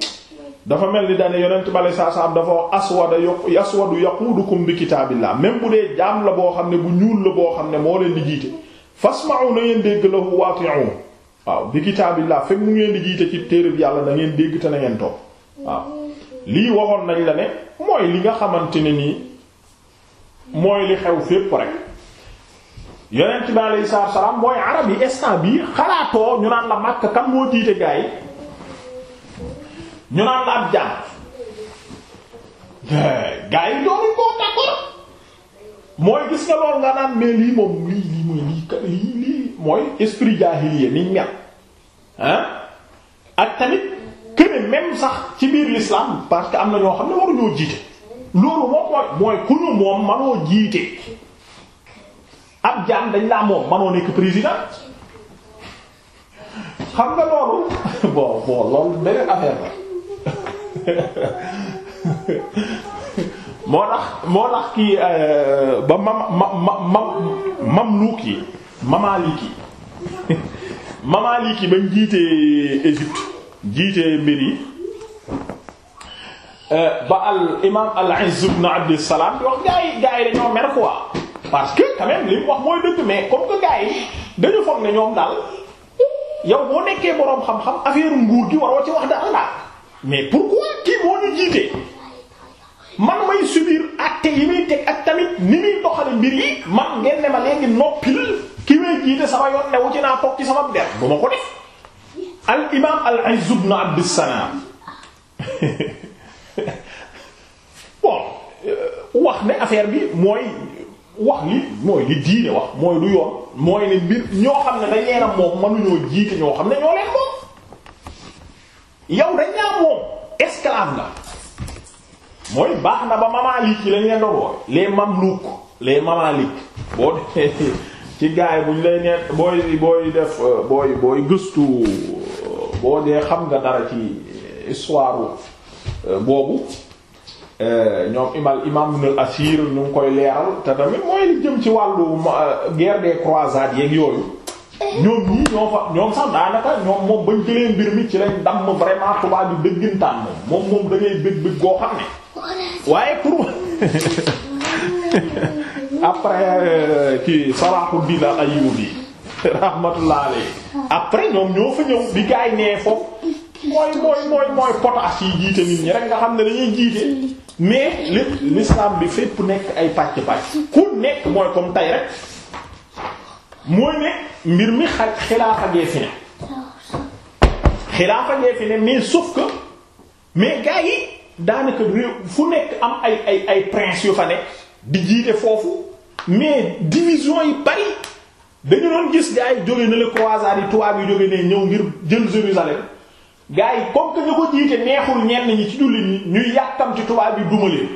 dafa mel ni dane yonent bi alei satu dafa aswada y aswadu yaquudukum bi kitaabillah même bu dee jaam la boo xam ne bu ñuul la boo xam ne moo leen di jiite fasma'u na ngeen dégg lahu waati'u waaw bi kitaabillah fekk mu ngeen di jiite ci téereb yàlla na ngeen dégg te na ngeen topp waaw lii waxoon nañ la ne mooy li nga xamante ne nii mooy li xew fépp rek yonent bi alei mooy arab yi instant bi xalaatoo ñu naan la Makka kan moo jiite gaay ñu naan la am jàmm eh, gaa yi doonuñ ko d'accord mooy gis nga loolu nga naan mais lii moom lii lii mooy lii mooy esprit jaahiliya niñ mel ah ak tamit këne même sax ci biir l'islam parce que am na ñoo xam ne waruñoo jiite loolu moom mooy mooy ku moom manoo jiite ab jaam dañ la moom manoo nekk président xam nga loolu *laughs* bon bon loolu beneen affaire la moo tax moo tax kii euh, ba mam mam mam mamluuk yi mamaalik yi Égypte jiitee mbir yi euh, ba al imaam al-Izz ibn Abd Salam bi wax dañoo mer parce que quand même mu wax mooy dëgg mais comme que gaa yi dañu foog ne ñoom daal yow boo nekkee boroom xam-xam affaire nguur gi waroo ci wax dara daal mais pourquoi kii moo ñu jiitee man may subir acte yi muy teg ak tamit ni muy doxale mbir yi man ngeen ne ma léegi noppil ki may jiite sama yoon ne wu ci naa toog ci sama der bu ma ko def al imaam al Izz ibn Abd *laughs* bon euh, wax ne affaire bi mooy wax li mooy li diine wax mooy du yoon mooy ne mbir ñoo xam ne dañ leen a moom mënuñoo jiite ñoo xam ne ñoo leen moom yow dañ laa moom esclave la mooy baax na ba mamalik yi lañ leen doon woowe les mamelouk les mamalik boo *laughs* ci gaay buñ lay neen booy booy def booy booy gëstu boo dee xam nga dara ci histoire euh, boobu euh, ñoom imal imam ibn al-Asir ñu ngi koy leeral te tamit mooy jëm ci wàllu euh, guerre des croisades yeeg yooyu ñoom ñii ñoo fa ñoom sax daanaka ñoom moom bañ jëlee mbir mi ci lañ damm vraiment tubaab bi dëggintaan moom moom moom da ngay bëgg bëgg goo xam ne waaye pour *laughs* après ci euh, Salahuddin al-Ayyubi rahmatullah alayhi après ñoom ñoo fa ñëw bi gaay nee foofu mooy mooy mooy mooy potaas yi jiite nit ñi rek nga xam ne dañuy jiite mais lépp l'islam bi fépp nekk ay pàcc-pàcc ku nekk mooy comme tey rek mooy ne mbir mi xa xilaafa gee fi ne xilaafa gee fi ne mais sauf que mais gars yi daanaka réew fu nekk am ay ay ay prince yu fa ne di jiite foofu mais division yi bari dañu doon gis gars yi jóge na le croisade yi tubaab yi jóge ne ñëw ngir jël Jérusalem gars yi comme que ñu ko jiite neexul ñenn ñi ci jullit ñuy yàkkam tubaab yi duma leen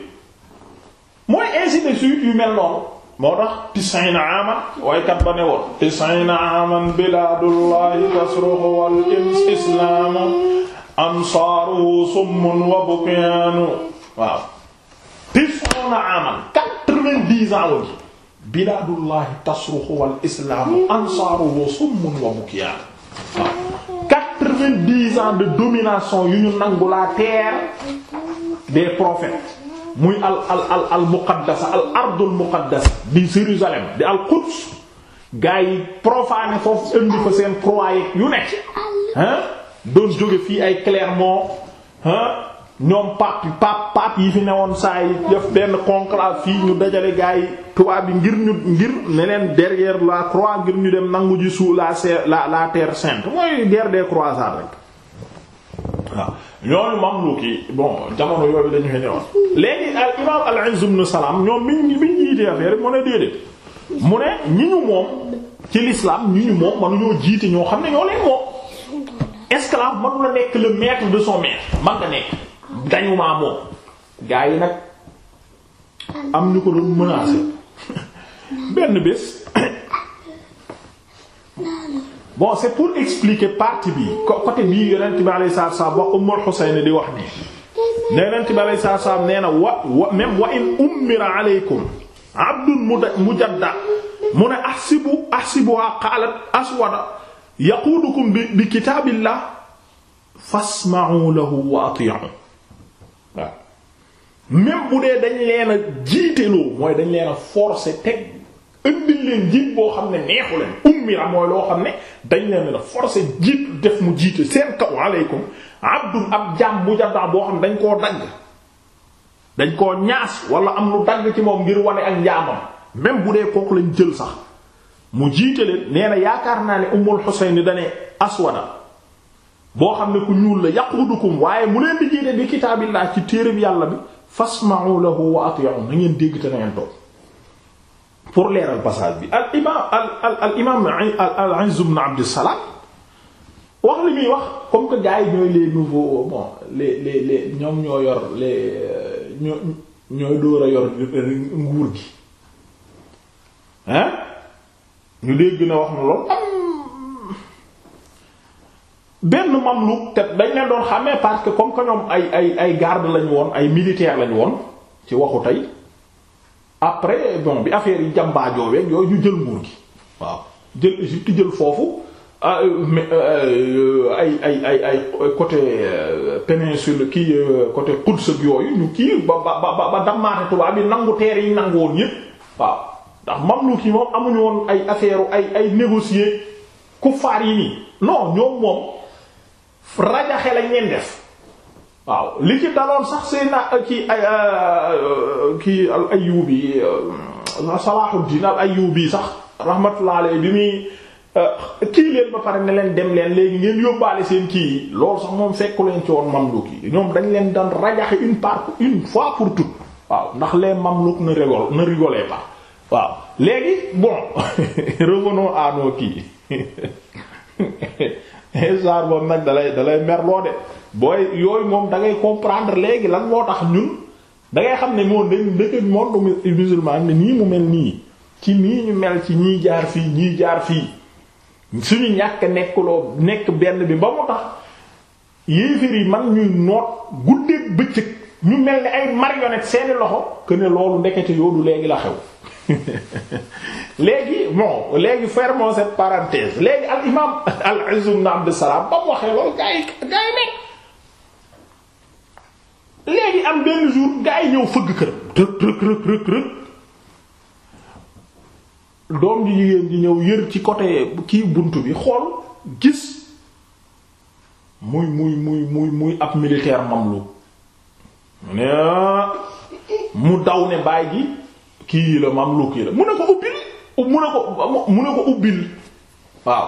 mooy ainsi de suite yu mel noonu. moo tax tisina aman waykat ba ne woon tisina aman bilaadullahi tasruxu wal wa bukyaanu waaw tisina aman wa bukyaanu waaw de domination yu ñu des prophètes muy al al al al muqaddasa al ardul muqaddasa di Jérusalem di al Quds gaa yi profané foofu indi ko seen croix yu nekk ah doon jóge fii ay Clermont ah ñoom pape pape pape yi fi newoon saa yi def benn conclave fii ñu dajale gaa yi tubaab bi ngir ñu ngir ne leen derrière la croix ngir ñu dem nangu ji sous la la la terre sainte mooy guerre des croisades rek waaw. ñooñu mamluuk yi bon jamono yooyu dañu fi newoon léegi al imaam al-Izz ibn Salam miñ miñ jiitee affaire mu ne déedéet mu ne ñi ñu moom ci l'islam ñi ñu moom manu ñoo jiite ñoo xam ne ñoo leen moom esclave manu la nekk le maître de son maître man nga nekk gañumaa moom gaa yi nag am ñu ko doon menacer *laughs* benn bés bon c'est pour expliquer partie bi côté bii yonent bi alayhi salaatu salaam wax Ummul Husayn di wax nii ne yonent bi alayhi salaatu nee na wa in ummira aleykum abdun mujadda mu ne ahsibu ahsibuha qaalat aswada yaquudukum bi bi kitaabillah fasma'u lahu wa ati'u waaw même dee dañ leen a jiiteloo mooy dañ leen a teg ëndil leen jiit boo xam ne neexu leen ummi la mooy loo xam ne dañ leen la forcer jiit def mu jiite seen kaw aleykum abdum ab jaam bu jaddaa boo xam ne dañ koo dagg dañ koo ñaas wala am lu dagg ci moom ngir wane ak njaamam même bu dee kooku lañ jël sax mu jiite leen nee yaakaar naa ne umul Husayn dane aswada boo xam ne ku ñuul la yaqudukum waaye mu leen di jiite bi kitaabillah ci téereeb yàlla bi fasma'u lahu wa ati'u na ngeen dégg te na pour leeral passage bi al imaam al al imaam al Izz ibn Abd as wax li muy wax comme que gars yi ñooy les nouveaux bon les les ñoom ñoo yor les euh, ñooy door a yor nguur gi hein ñu dégg na wax na lool benn mamluk te dañ leen doon xàmmee parce que comme que ñoom ay ay ay garde lañu woon ay militaire lañu woon ci waxu tey après bon bi affaire yi jàmbaajoo weeg yooyu ñu jël nguur gi waaw jël Égypte jël foofu ah, euh, euh, euh, ay ay ay ay côté péninsule kii côté Quds yooyu ñu kii ba ba ba ba dammaate tubaab yi nangu teer yi nangu woon yépp waaw ndax Mamluk yi moom amuñu woon ay affaire ay ay négocier kuffaar yi nii non ñoom moom rajaxe lañ leen def. waaw li ci daloon sax seen ki ki al Ayyubi euh, ay al Ayyubi sax rahmatullahi alayhi bi muy euh, kii leen ba pare ne leen dem leen léegi ngeen yóbbaale seen kii yi loolu sax moom fekku leen ci woon Mamluk yi ñoom dañ leen daan rajaxe une part une fois pour toutes waaw ndax les Mamluk ne rigol ne rigolait pas waaw léegi bon *laughs* revenons à kii *laughs* genre moom nag dalay dalay merloo de booy yooyu moom da comprendre léegi lan moo tax ñun dangay xam ne moo ndëkk monde musulman ni nii mu mel nii ci nii ñu mel ci ñii jaar fii ñii jaar fii suñu ñàkk nekkuloo nekk benn bi ba mu tax yéeféer yi man ñuy noot guddeeg bëccëg ñu mel ni ay marionnette seeni loxo que ne loolu ndekete yoodu léegi la xew *laughs* léegi bon léegi fermons cette parenthèse léegi al imam al Izz ibn Abd Salam ba mu waxee loolu gaa yi gaa yi nekk léegi am benn jour gaa yi ñëw fëgg këram rëk rëk doom jigéen ji ñëw yër ci côté kii bunt bi xool gis muy muy muy muy muy ab militaire mamelouk mu ne ah, mu daw ne baay ji kii la mamluki la mu ne ko ubbil mu ne ko mu ne ko ubbil waaw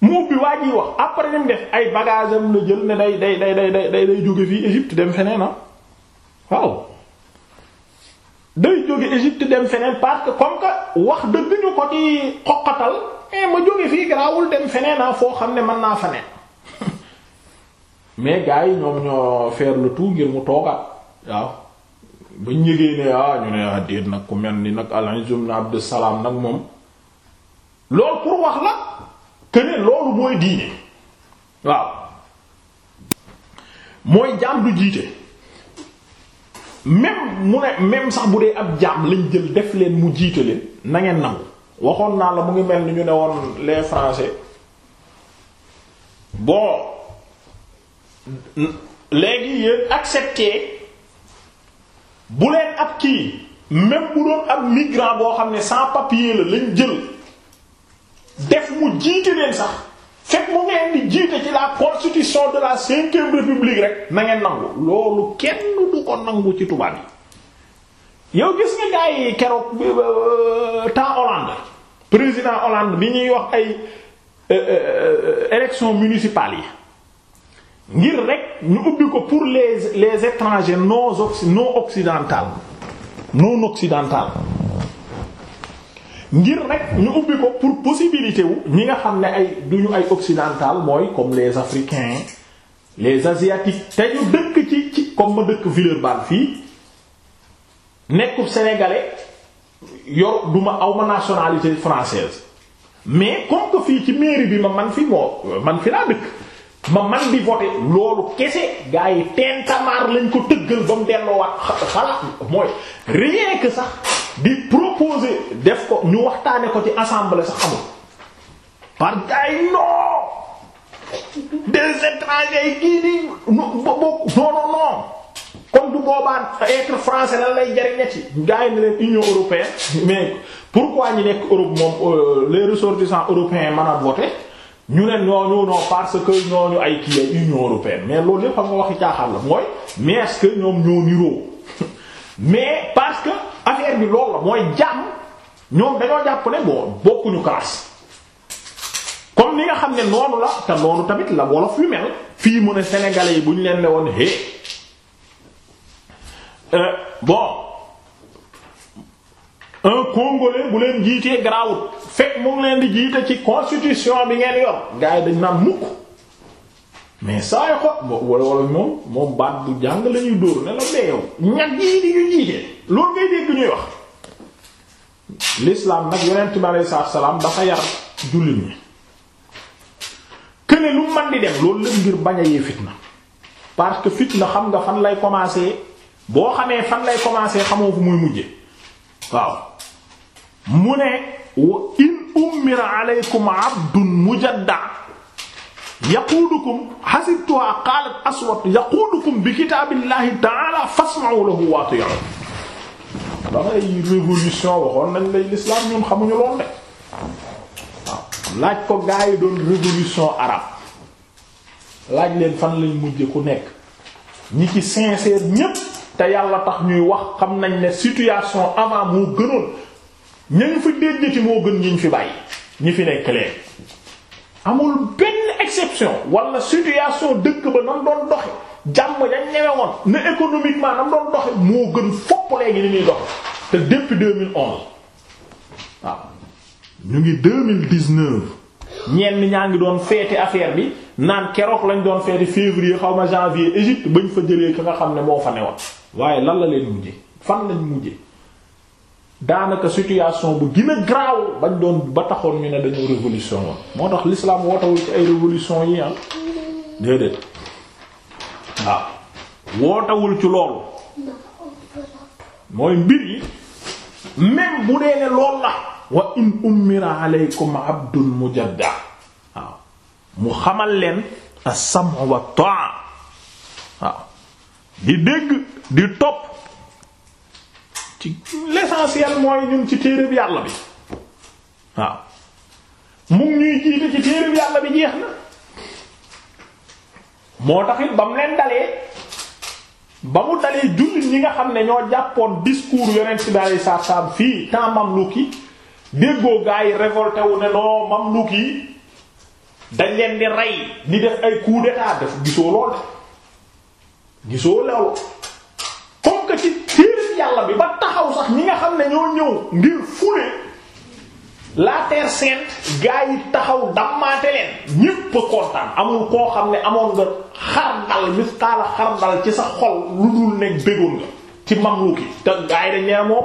mu ubbi waa jiy wax après ni def ay bagage am la jël ne day day day day day day jóge fii Égypte dem feneen ah waaw day jóge Égypte dem feneen parce que comme que wax dëgg ñu ko ci xoqatal mais eh, ma jóge fii garaawul dem feneena ah foo xam ne mën naa fa ne *laughs* mais gars yi ñoom ñoo faire le tout ngir mu toogaat waaw. bañ yëgee ne ah ñu ne ah déet nag ku mel ni nag al-Izz ibn Abd nag moom loolu pour wax la que ne loolu mooy diine waaw mooy jaam du jiite même mu ne même sax bu dee ab jaam lañ jël def leen mu jiite leen na nangu waxoon naa la mu ngi mel ni ñu ne woon les français bon léegi yéen accepter. bu leen ab kii même bu doon ab migrant boo xam ne sans papier la lañ jël def mu jiite leen sax fekk mu ngeen di jiite ci la constitution de la cinquième république rek na ngeen nangu loolu kenn du ko nangu ci tubaab yi yow gis nga gars yi euh, euh, temps Hollande président Hollande bi ñuy wax ay euh, élections municipales yi ngir rek ñu ubbi ko pour les les étrangers non non non occidentaux ngir rek ñu ubbi ko pour possibilité wu ñi nga xam ne ay duñu ay occidentaux mooy comme les africains les asiatiques te ñu dëkk ci ci comme ma dëkk Villeurbanne fii nekkub sénégalais yor du ma aw ma nationalité française mais comme que fii ci mairie bi ma man fi moo man fi laa dëkk. ma man di voter loolu kese gars yi tentamar lañ ko tëggal ba mu delloowaat xalaat mooy rien sax di proposer def ko ñu waxtaane ko ci assemblée sax xamul par gars yi non des étrangers kii nii non non comme du boobaan être français lan lay jariñ ci gars yi ne leen Union européenne mais pourquoi ñu nekk Europe moom euh, les ressortissants européens mën a voter ñu ne ñooñu non parce que ñooñu ay kii ay union européenne mais loolu lépp xam nga waxi caaxaan la mooy mais que ñoom ñoo niroo *laughs* mais parce que affaire bi lool la mooy jàmm ñoom dañoo jàpp ne bon bokkuñu classe comme ni nga xam ne noonu la te noonu tamit la wolof yu mel fii mu ne sénégalais yi bu ñu leen la woon hé euh, bon. un congolais bu leen jiitee garaawut fekk mu leen di jiite ci constitution bi ngeen yor gars yi dañ naan mukk mais saa yoo xo wala wala moom moom baat bu jàng lañuy dóor ne la dee yow ñag yi di ñu jiite loolu ngay dégg ñuy wax. lislaam nag yonent bi aleyhi salaatu salaam dafa yar jullit ñi këne lu man di dem loolu lépp ngir bañ a yee fitna parce que fitna xam nga fan lay commencer boo xamee fan lay commencer xamoo fu muy mujje waaw mu ne wa in ummira aleykum abdun mujadda yaquudukum hasibtuha qaalat aswat yaquudukum bi kitaabillahi ta'ala fasma'u lahu wa ati'u da ngay révolution waxoon nañ lay l'islam ñun xamuñu lool de laaj ko gaa yi doon révolution arabe laaj leen fan lañu mujje ku nekk ñi ci sincère ñépp te yàlla tax ñuy wax xam nañ ne situation avant moo gënoon ñañ fi déjjati moo gën ñiñ fi bàyyi ñi fi nekk amul benn exception wala situation dëkk ba nan doon ne économiquement nan doon moo gën fopp léegi ni ñuy doxe te depuis 2011 waaw ñu ngi 2019 ñenn ñaa ngi doon feeti affaire bi naan keroog lañ doon feeti février xaw ma janvier Égypte bañ fa jëlee ki nga xam ne moo fa newoon waaye lan la leen mujje fan lañ mujje daanaka situation bu gën a graaw bañ doon ba taxoon ñu ne dañoo révolution woon moo tax l'islam wootewul ci ay révolution yi ah déedéet waaw wootewul ci loolu mooy mbir yi même bu dee ne lool la wa in ummira aleykum abdul mujadda waaw mu xamal leen as-sam'u wa waaw di dégg di topp ci l'essentiel mooy ñun ci téereeb yàlla bi waaw mu ñuy jiite ci téereeb yàlla bi jeex na moo tax ba mu leen dalee ba mu dalee jullit ñi nga xam ne ñoo jàppoon discours yonent si daal yi saab fii temps mamluk yi déggoo gaa yi révolté wu ne noo mamluk yi dañ leen di rey di def ay coup d'état def gisoo lool gisoo lool comme que ci yàlla bi ba taxaw sax ñi nga xam ne ñoo ñëw ngir fule la terre sainte gaa yi taxaw dammaate leen ñépp kontaan amul koo xam ne amoon nga xardal mistaala xardal ci sa xol lu dul nekk bëggoon nga ci mamluki te gaa yi dañ nee moo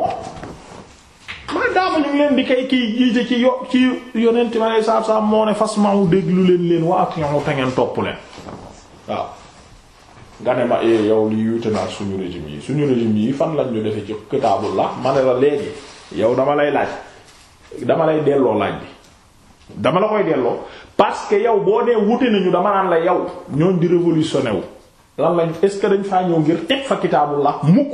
ko man daama ñu ngi leen di kay kii jiite ci yo ci yonenti ma ne saab saab moo ne fas maamu déglu leen leen waa ak ñoom te ngeen topp leen waaw nga ne ma eh yow yuute naa suñu régime yi suñu régime yi fan lañ ñu defe ci kitaabul la ma ne la léegi yow dama lay laaj dama lay delloo laaj bi dama la koy delloo parce que yow boo nee wute nañu dama naan la yow ñooñ di révolutionné wu lan lañ est ce que dañ faa ñëw ngir teg fa kitaabullah mukk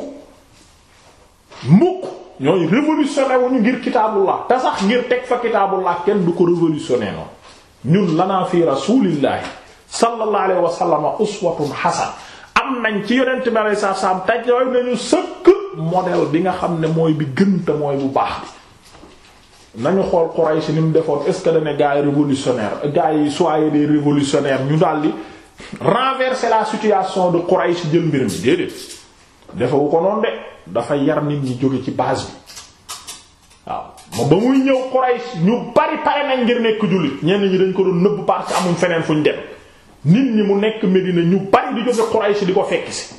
mukk ñooy révolutionné ñu ngir kitaabullah te sax ngir teg fa kitaabullah kenn du ko révolutionné noonu ñun lanaa fi rasulillahi sallallahu alayhi wa sallam uswatun hasan am nañ ci yonent bi alayhi salaatu salaam taj yooy nañu sëkk modèle bi nga xam ne mooy bi gën te mooy bu baax bi nañu xool Quraysh ni mu defoon est-ce que dane gars yi révolutionnaire gars yi soyez des révolutionnaires ñu daldi renverser la situation de Quraysh jël mbir mi déedéet defewu ko noonu de dafa yar nit ñi jóge ci base bi waaw ma ba muy ñëw Quraysh ñu bari pare nañ ngir nekk jullit ñenn ñi dañ ko doon nëbb parce que amuñ feneen fuñ dem nit ñi mu nekk Medina ñu bari di jóge Quraysh di ko fekk si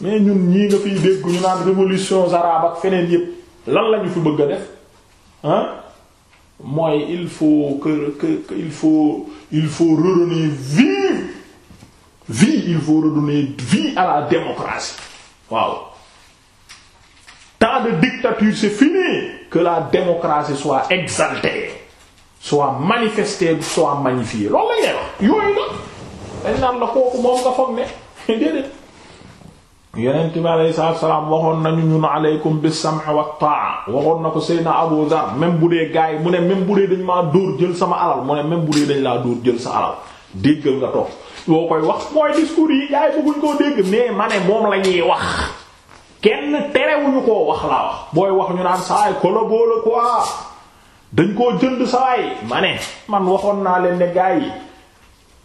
mais ñun ñii nga fiy dégg ñu naan révolution arabe ak feneen yëpp lan lañu fi bëgg a def ah mooy il faut que que il faut il faut redonner vie vie il faut redonner vie à la démocratie waaw temps de dictature c'est fini que la démocratie soit exaltée soit manifesté soit magnifié loolu lañ wax yooyu la dañ naan la kooku moom nga foog ne *laughs* déedéet yonent bi aleyhi salaatu wa salaam waxoon nañu ñun aleykum bis-sam'i wat-ta'a waxoon na ko Seydina Abu Dhar même bu dee gaay mu ne même bu dee dañ maa dóor jël sama alal mu ne même bu dee dañ laa dóor jël sa alal déggal nga toog boo koy wax mooy discours yi gaay bëgguñ koo dégg mais ma ne moom la wax kenn terewuñu koo wax laa wax booy wax ñu naan saa yi kolo boole quoi. dañ koo jënd sawaay ma ne man waxoon naa leen ne gaa yi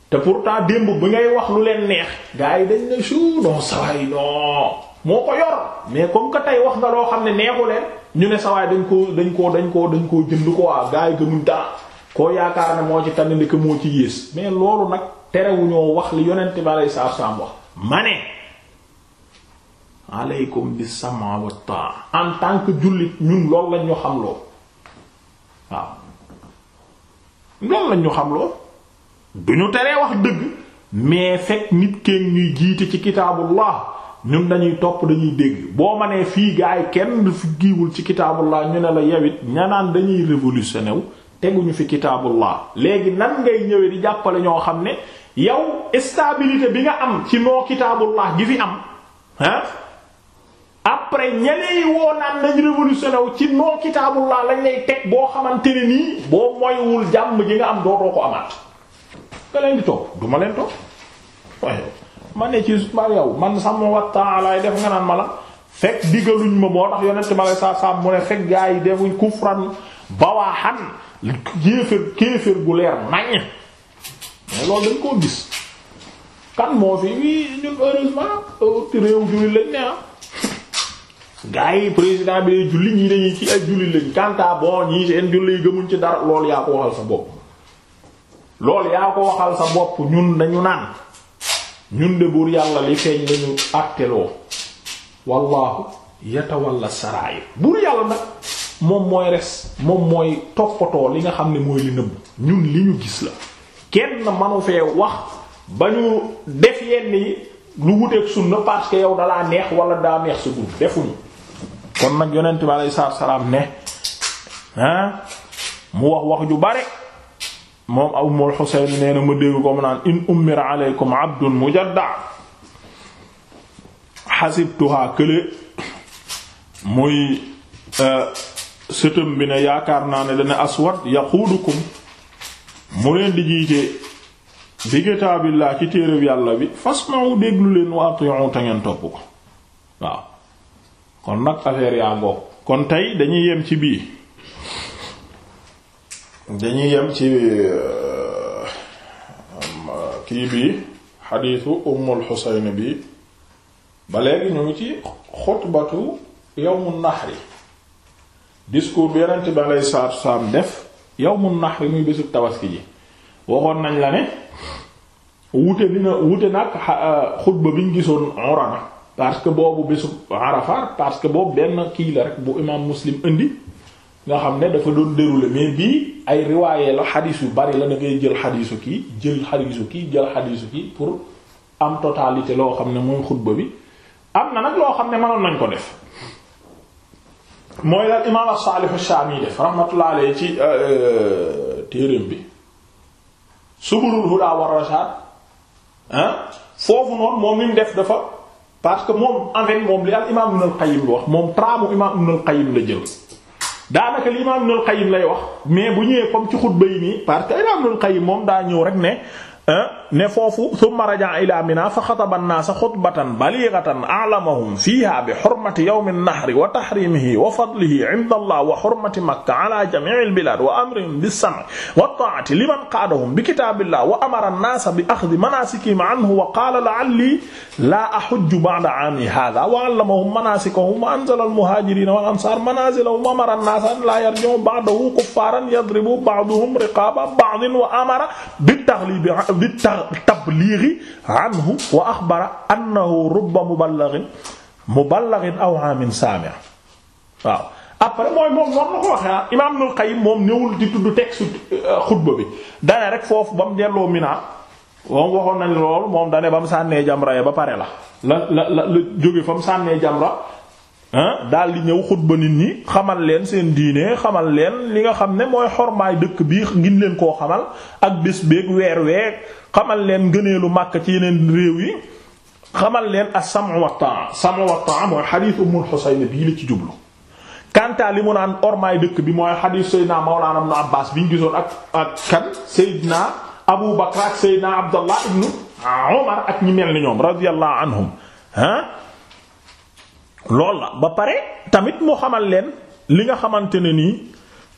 te pourtant démb bi ngay wax lu leen neex gaa yi dañ ne suu non sawaay non moo ko yor mais comme que tey wax nga loo xam ne neexu ñu ne sawaay dañ koo dañ koo dañ koo dañ koo jënd ko waa gaa yi gëmuñ dara koo yaakaar ne moo ci tànn ndeke moo ci yées mais loolu nag terewuñoo wax li yonent bi alei saatu salaam wax ma ne aleykum bis sama wa taa en tant que jullit ñun loolu lañ ñu xam loo waaw loolu lañ ñu xam lool du ñu teree wax dëgg mais fekk nit kenn ñuy jiite ci kitaabullah ñun dañuy topp dañuy dégg boo ma nee fii gaa yi kenn fi giiwul ci kitaabullah ñu ne la yewit ñanaan dañuy révolutionné wu teguñu fi kitaabullah léegi nan ngay ñëwee di jàppale ñoo xam ne yow stabilité bi nga am ci noo kitaabullah gi fi am ah après ñeneen woo naan nañ révolutionné wu ci non kitaabullah lañ lay teg boo xamante ne nii boo moywul jàmm ji nga am dootoo ko amaat. nga leen di topp du ma leen topp waaye ma ne ci ma ma la fekk diggaluñ ne fekk gaa yi defuñ kufran bawaaxan kéefër kéefër gu leer naññ mais loolu dañ koo gis kan moo fi wii ñun heureusement euh, réew julit lañ ne ah gars yi président bi day julli ñii dañuy ci ay julli lañ kanta bon ñii seen julli gëmuñ ci dara lool yaa ko waxal sa bopp loolu yaa ko waxal sa bopp ñun dañu naan ñun de buur yàlla li feeñ lañu àtteloo wallahu la saraayir buur yàlla nag moom mooy res moom mooy toppatoo li nga xam ne mooy li nëbb ñun li ñu gis la kenn manu fee wax ba ñu def yenn yi lu wuteeg sunna parce que yow dalaa neex wala daa neex sa dund defuñu kon nag yonent bi aleyhi salaam ne ah mu wax wax ju bare moom Ummul Husayn nee na ma dégg ko mu naan in ummira aleykum abdun mujadda xasibtuha kële muy euh, sëtëm bi ne yaakaar naa ne dana aswad yaquudukum mu leen di jiite bi kitaabillah ci téeréb yàlla bi fasma'u déglu leen wa ati'u ta ngeen topp ko waaw kon nag affaire yaa ngoog kon tey dañuy yem ci bii dañuy yem ci euh, kii bii xadiisu ummul xuseyn bi ba léegi ñu ngi ci xutbatu yawmu naxri discours bi yonent bi lay salaatu salaam def yawmu naxri muy bésu tabaski ji waxoon nañ la ne wute dina wute nag euh, xutba bi ñu gisoon orana parce que boobu bésu Arafat parce que boobu benn kii la rek bu imam Muslim indi nga xam ne dafa doon dérouler mais bii ay riwaaye la xadiis yu bari la da jël xadiisu kii jël xadiisu kii jël xadiisu kii pour am totalité loo xam ne mooy xutba bi am na nag loo xam ne mënoon nañ ko def mooy daal imaam as-Salih ash-Shami def rahmatullah ci euh, euh, téereem bi Subulul Huda war Rashad foofu noonu moom li def dafa parce que moom en moom li al imaam Ibn al-Qayyim wax moom traamu imaam Ibn al-Qayyim la jël daanaka li imaam Ibn al-Qayyim lay wax mais bu ñëwee comme ci xutba bay nii parce que imaam Ibn al-Qayyim moom daa ñëw rek ne ne foofu thumma raja'a ila Mina fa xataba an-naasa xutbatan balighatan a'lamahum fiiha bi hurmati yawmi an-nahri wa tahrimihi wa fadlihi 'inda Allah wa hurmati Makka 'ala jami'i al-bilaad wa amrihim bis-sam'i wat-taa'ati liman qaadahum bi kitaabillah wa amara an-naasa bi akhdhi manaasikihim 'anhu wa qaala la'allii laa ahujju ba'da 'aami haadhaa wa 'allamahum manaasikahum wa anzala al-muhaajiriina wal-ansaar manaazilahum wa amara an-naasa an laa yarji'uu ba'dahu kuffaaran yadribu ba'duhum riqaaba ba'din wa amara bit-taghliib bi tabliixi anhu wa axbara annahu rubba muballaxin muballaxin aw amin saami waaw après mooy moom noonu la ko waxee ah, imaam Ibnul Qayyim moom néewul di tudd texte euh, xutba bi dane rek foofu ba mu delloo Mina moom waxoon nañ lool moom dane ba mu sànnee jamra ya ba pare la la la la jóge fa mu sànnee jamra daal di ñëw xutba nit ñi xamal leen seen diine xamal leen li nga xam ne mooy xormaay dëkk bi ngin leen koo xamal ak bés weer weeg xamal leen gëneelu màkk ci yeneen réew yi xamal leen as-sam'u wa ta'a sam'u wa ta'a mooy xadiis Ummul Husayn bii la ci jublu kantaa li mu naan ormaay dëkk bi mooy xadiis Seydina Mawlaana Abbaas bi ñu gisoon ak ak kan Seydina Abu Bakr ak Seydina Abdallah ibn Umar ak ñi mel ni ñoom radiyallahu anhum lool la ba pare tamit mu xamal leen li nga xamante ne nii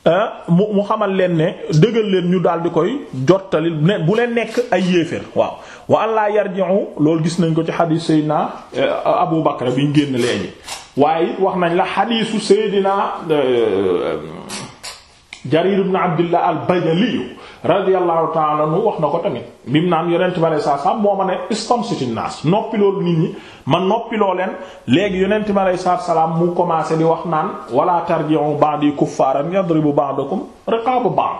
euh, mu mu xamal leen ne dëgël leen ñu daal di koy jottali ne bu leen nekk ay yéeféer waaw wa allah yarji'u loolu gis nañ ko ci xadiis Seydina euh, Abu Bakr bi ñu génn léegi waaye wax nañ la xadiisu Seydina euh, Jarir ibn Abdillah al-Bajali radiyallahu ta'ala anhu wax na ko tamit bi mu naan yonent ma lay saa saam moo ma ne istamsiti naas noppilool nit ñi ma noppiloo leen léegi yonent ma lay saa salaam mu commencé di wax naan wala tarji'u ba'di kuffaaran yadribu ba'dukum riqaaba ba'd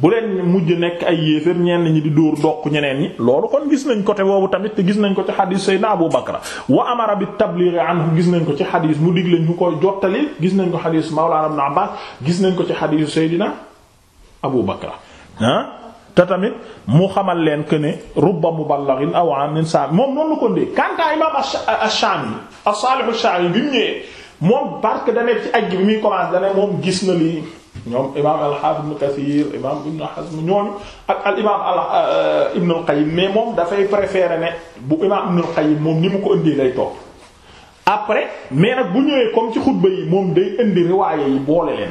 bu leen mujj nekk ay yéeféer ñenn ñi di dóor doq ñeneen yi loolu kon gis nañ côté boobu tamit te gis nañ ko ci xadiis Seydina Abu Bakra wa amara bi tablighi anhu gis nañ ko ci xadiis mu digle ñu koy jottali gis nañ ko xadiis Mawlana Ibn Abbas gis nañ ko ci xadiis Seydina Abu Bakra ah te tamit mu xamal leen que ne rubba muballighin aw amin sa moom noonu la ko ndee kantaa imam ash-Shami as-Salih ash-Shami bi mu ñëwee moom parce que ci ajj bi muy commencé dane moom gis na lii ñoom imam al-Hafiz ibn Kathir imam ibn Hazm ñooñu ak al imam euh, mais moom dafay préférer ne bu imam ibn al moom ni mu ko ëndee lay topp après mais nag bu ñëwee comme ci xutba yi moom day indi riwaaye yi boole leen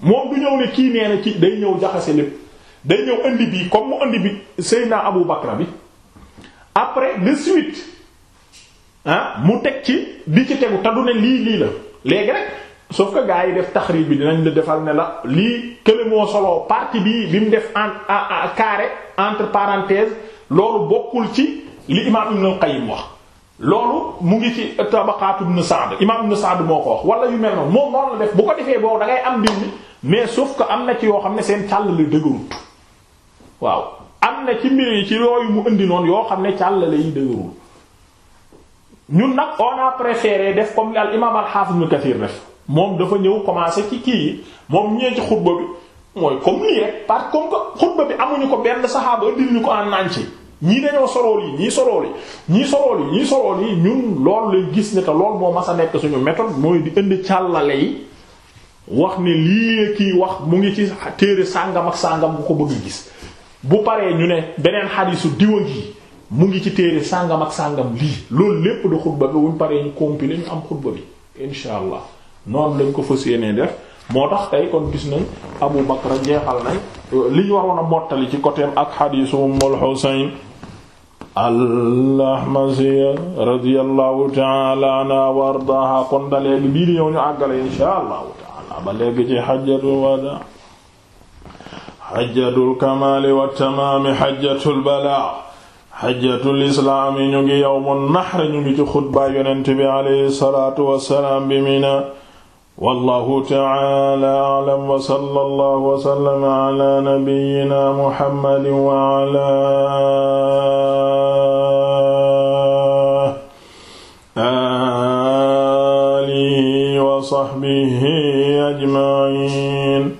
moom du ñëw ne kii nee na day ñëw jaxase lépp day ñëw indi bii comme mu indi bi Seydina Abu Bakra bi après de suite ah, mu teg ci bi ci tegu te du ne lii lii la léegi rek sauf que gars yi def taxrib bi dinañ la defal ne la lii kële moo solo partie bii bi mu def en carré entre parenthèses loolu bokkul ci li imaam Ibn Qayyim wax. loolu mu ngi ci Tabaqaat Ibn Sa'd imaam Ibn Sa'd moo ko wax wala yu mel noonu moom noonu la def bu ko defee boobu dangay am mbir mi mais sauf que am na ci yoo xam ne seen càll la dëgërut. waaw am na ci mbir yi ci yooyu mu indi noonu yoo xam ne càllale yi dëgërul ñun nag on a préféré def comme li al imaam al hafiz ibn def moom dafa ñëw commencé ci kii yi moom ñëwee ci xutba bi mooy comme lii rek parce que comme que xutba bi amuñu ko benn saxaaba ëndil ñu ko en nànci ñii dañoo sorool yi ñii sorool yi ñii sorool yi ñii sorool ñun lool lay gis ne te lool moo mas nekk suñu méthode mooy di indi càllale yi wax ni lii kii wax mu ngi ci téere sàngam ak ko bu paree ñu ne beneen xadiisu diwa gi mu ngi ci téere sàngam ak sàngam lii loolu lépp du xutba bi buñ paree ñu compilé ñu am xutba bi insha allah noonu lañ ko fas yéenee def moo tax tey kon gis nañ Abu Bakra jeexal nañ li ñu waroon a mottali ci côtéem ak xadiisu Ummul Husayn al-Ahmasiyya radiyallahu wa ardaaha kon da léegi bii di ñëw ñu àggale insha allahu ba léegi ci hajjatul wadaa xajjatul kamaali wa tamaami xajjatul balaa xajjatul islaami ñu ngi yawmu naxr ñu ngi ci xutbaa yonent bi aleyhi salaatu wasalaam bi Mina wallahu taala alam wa sallallahu wa sallama ala nabiyyina muhammadin wa ala aalihi wa sahbihi ajmain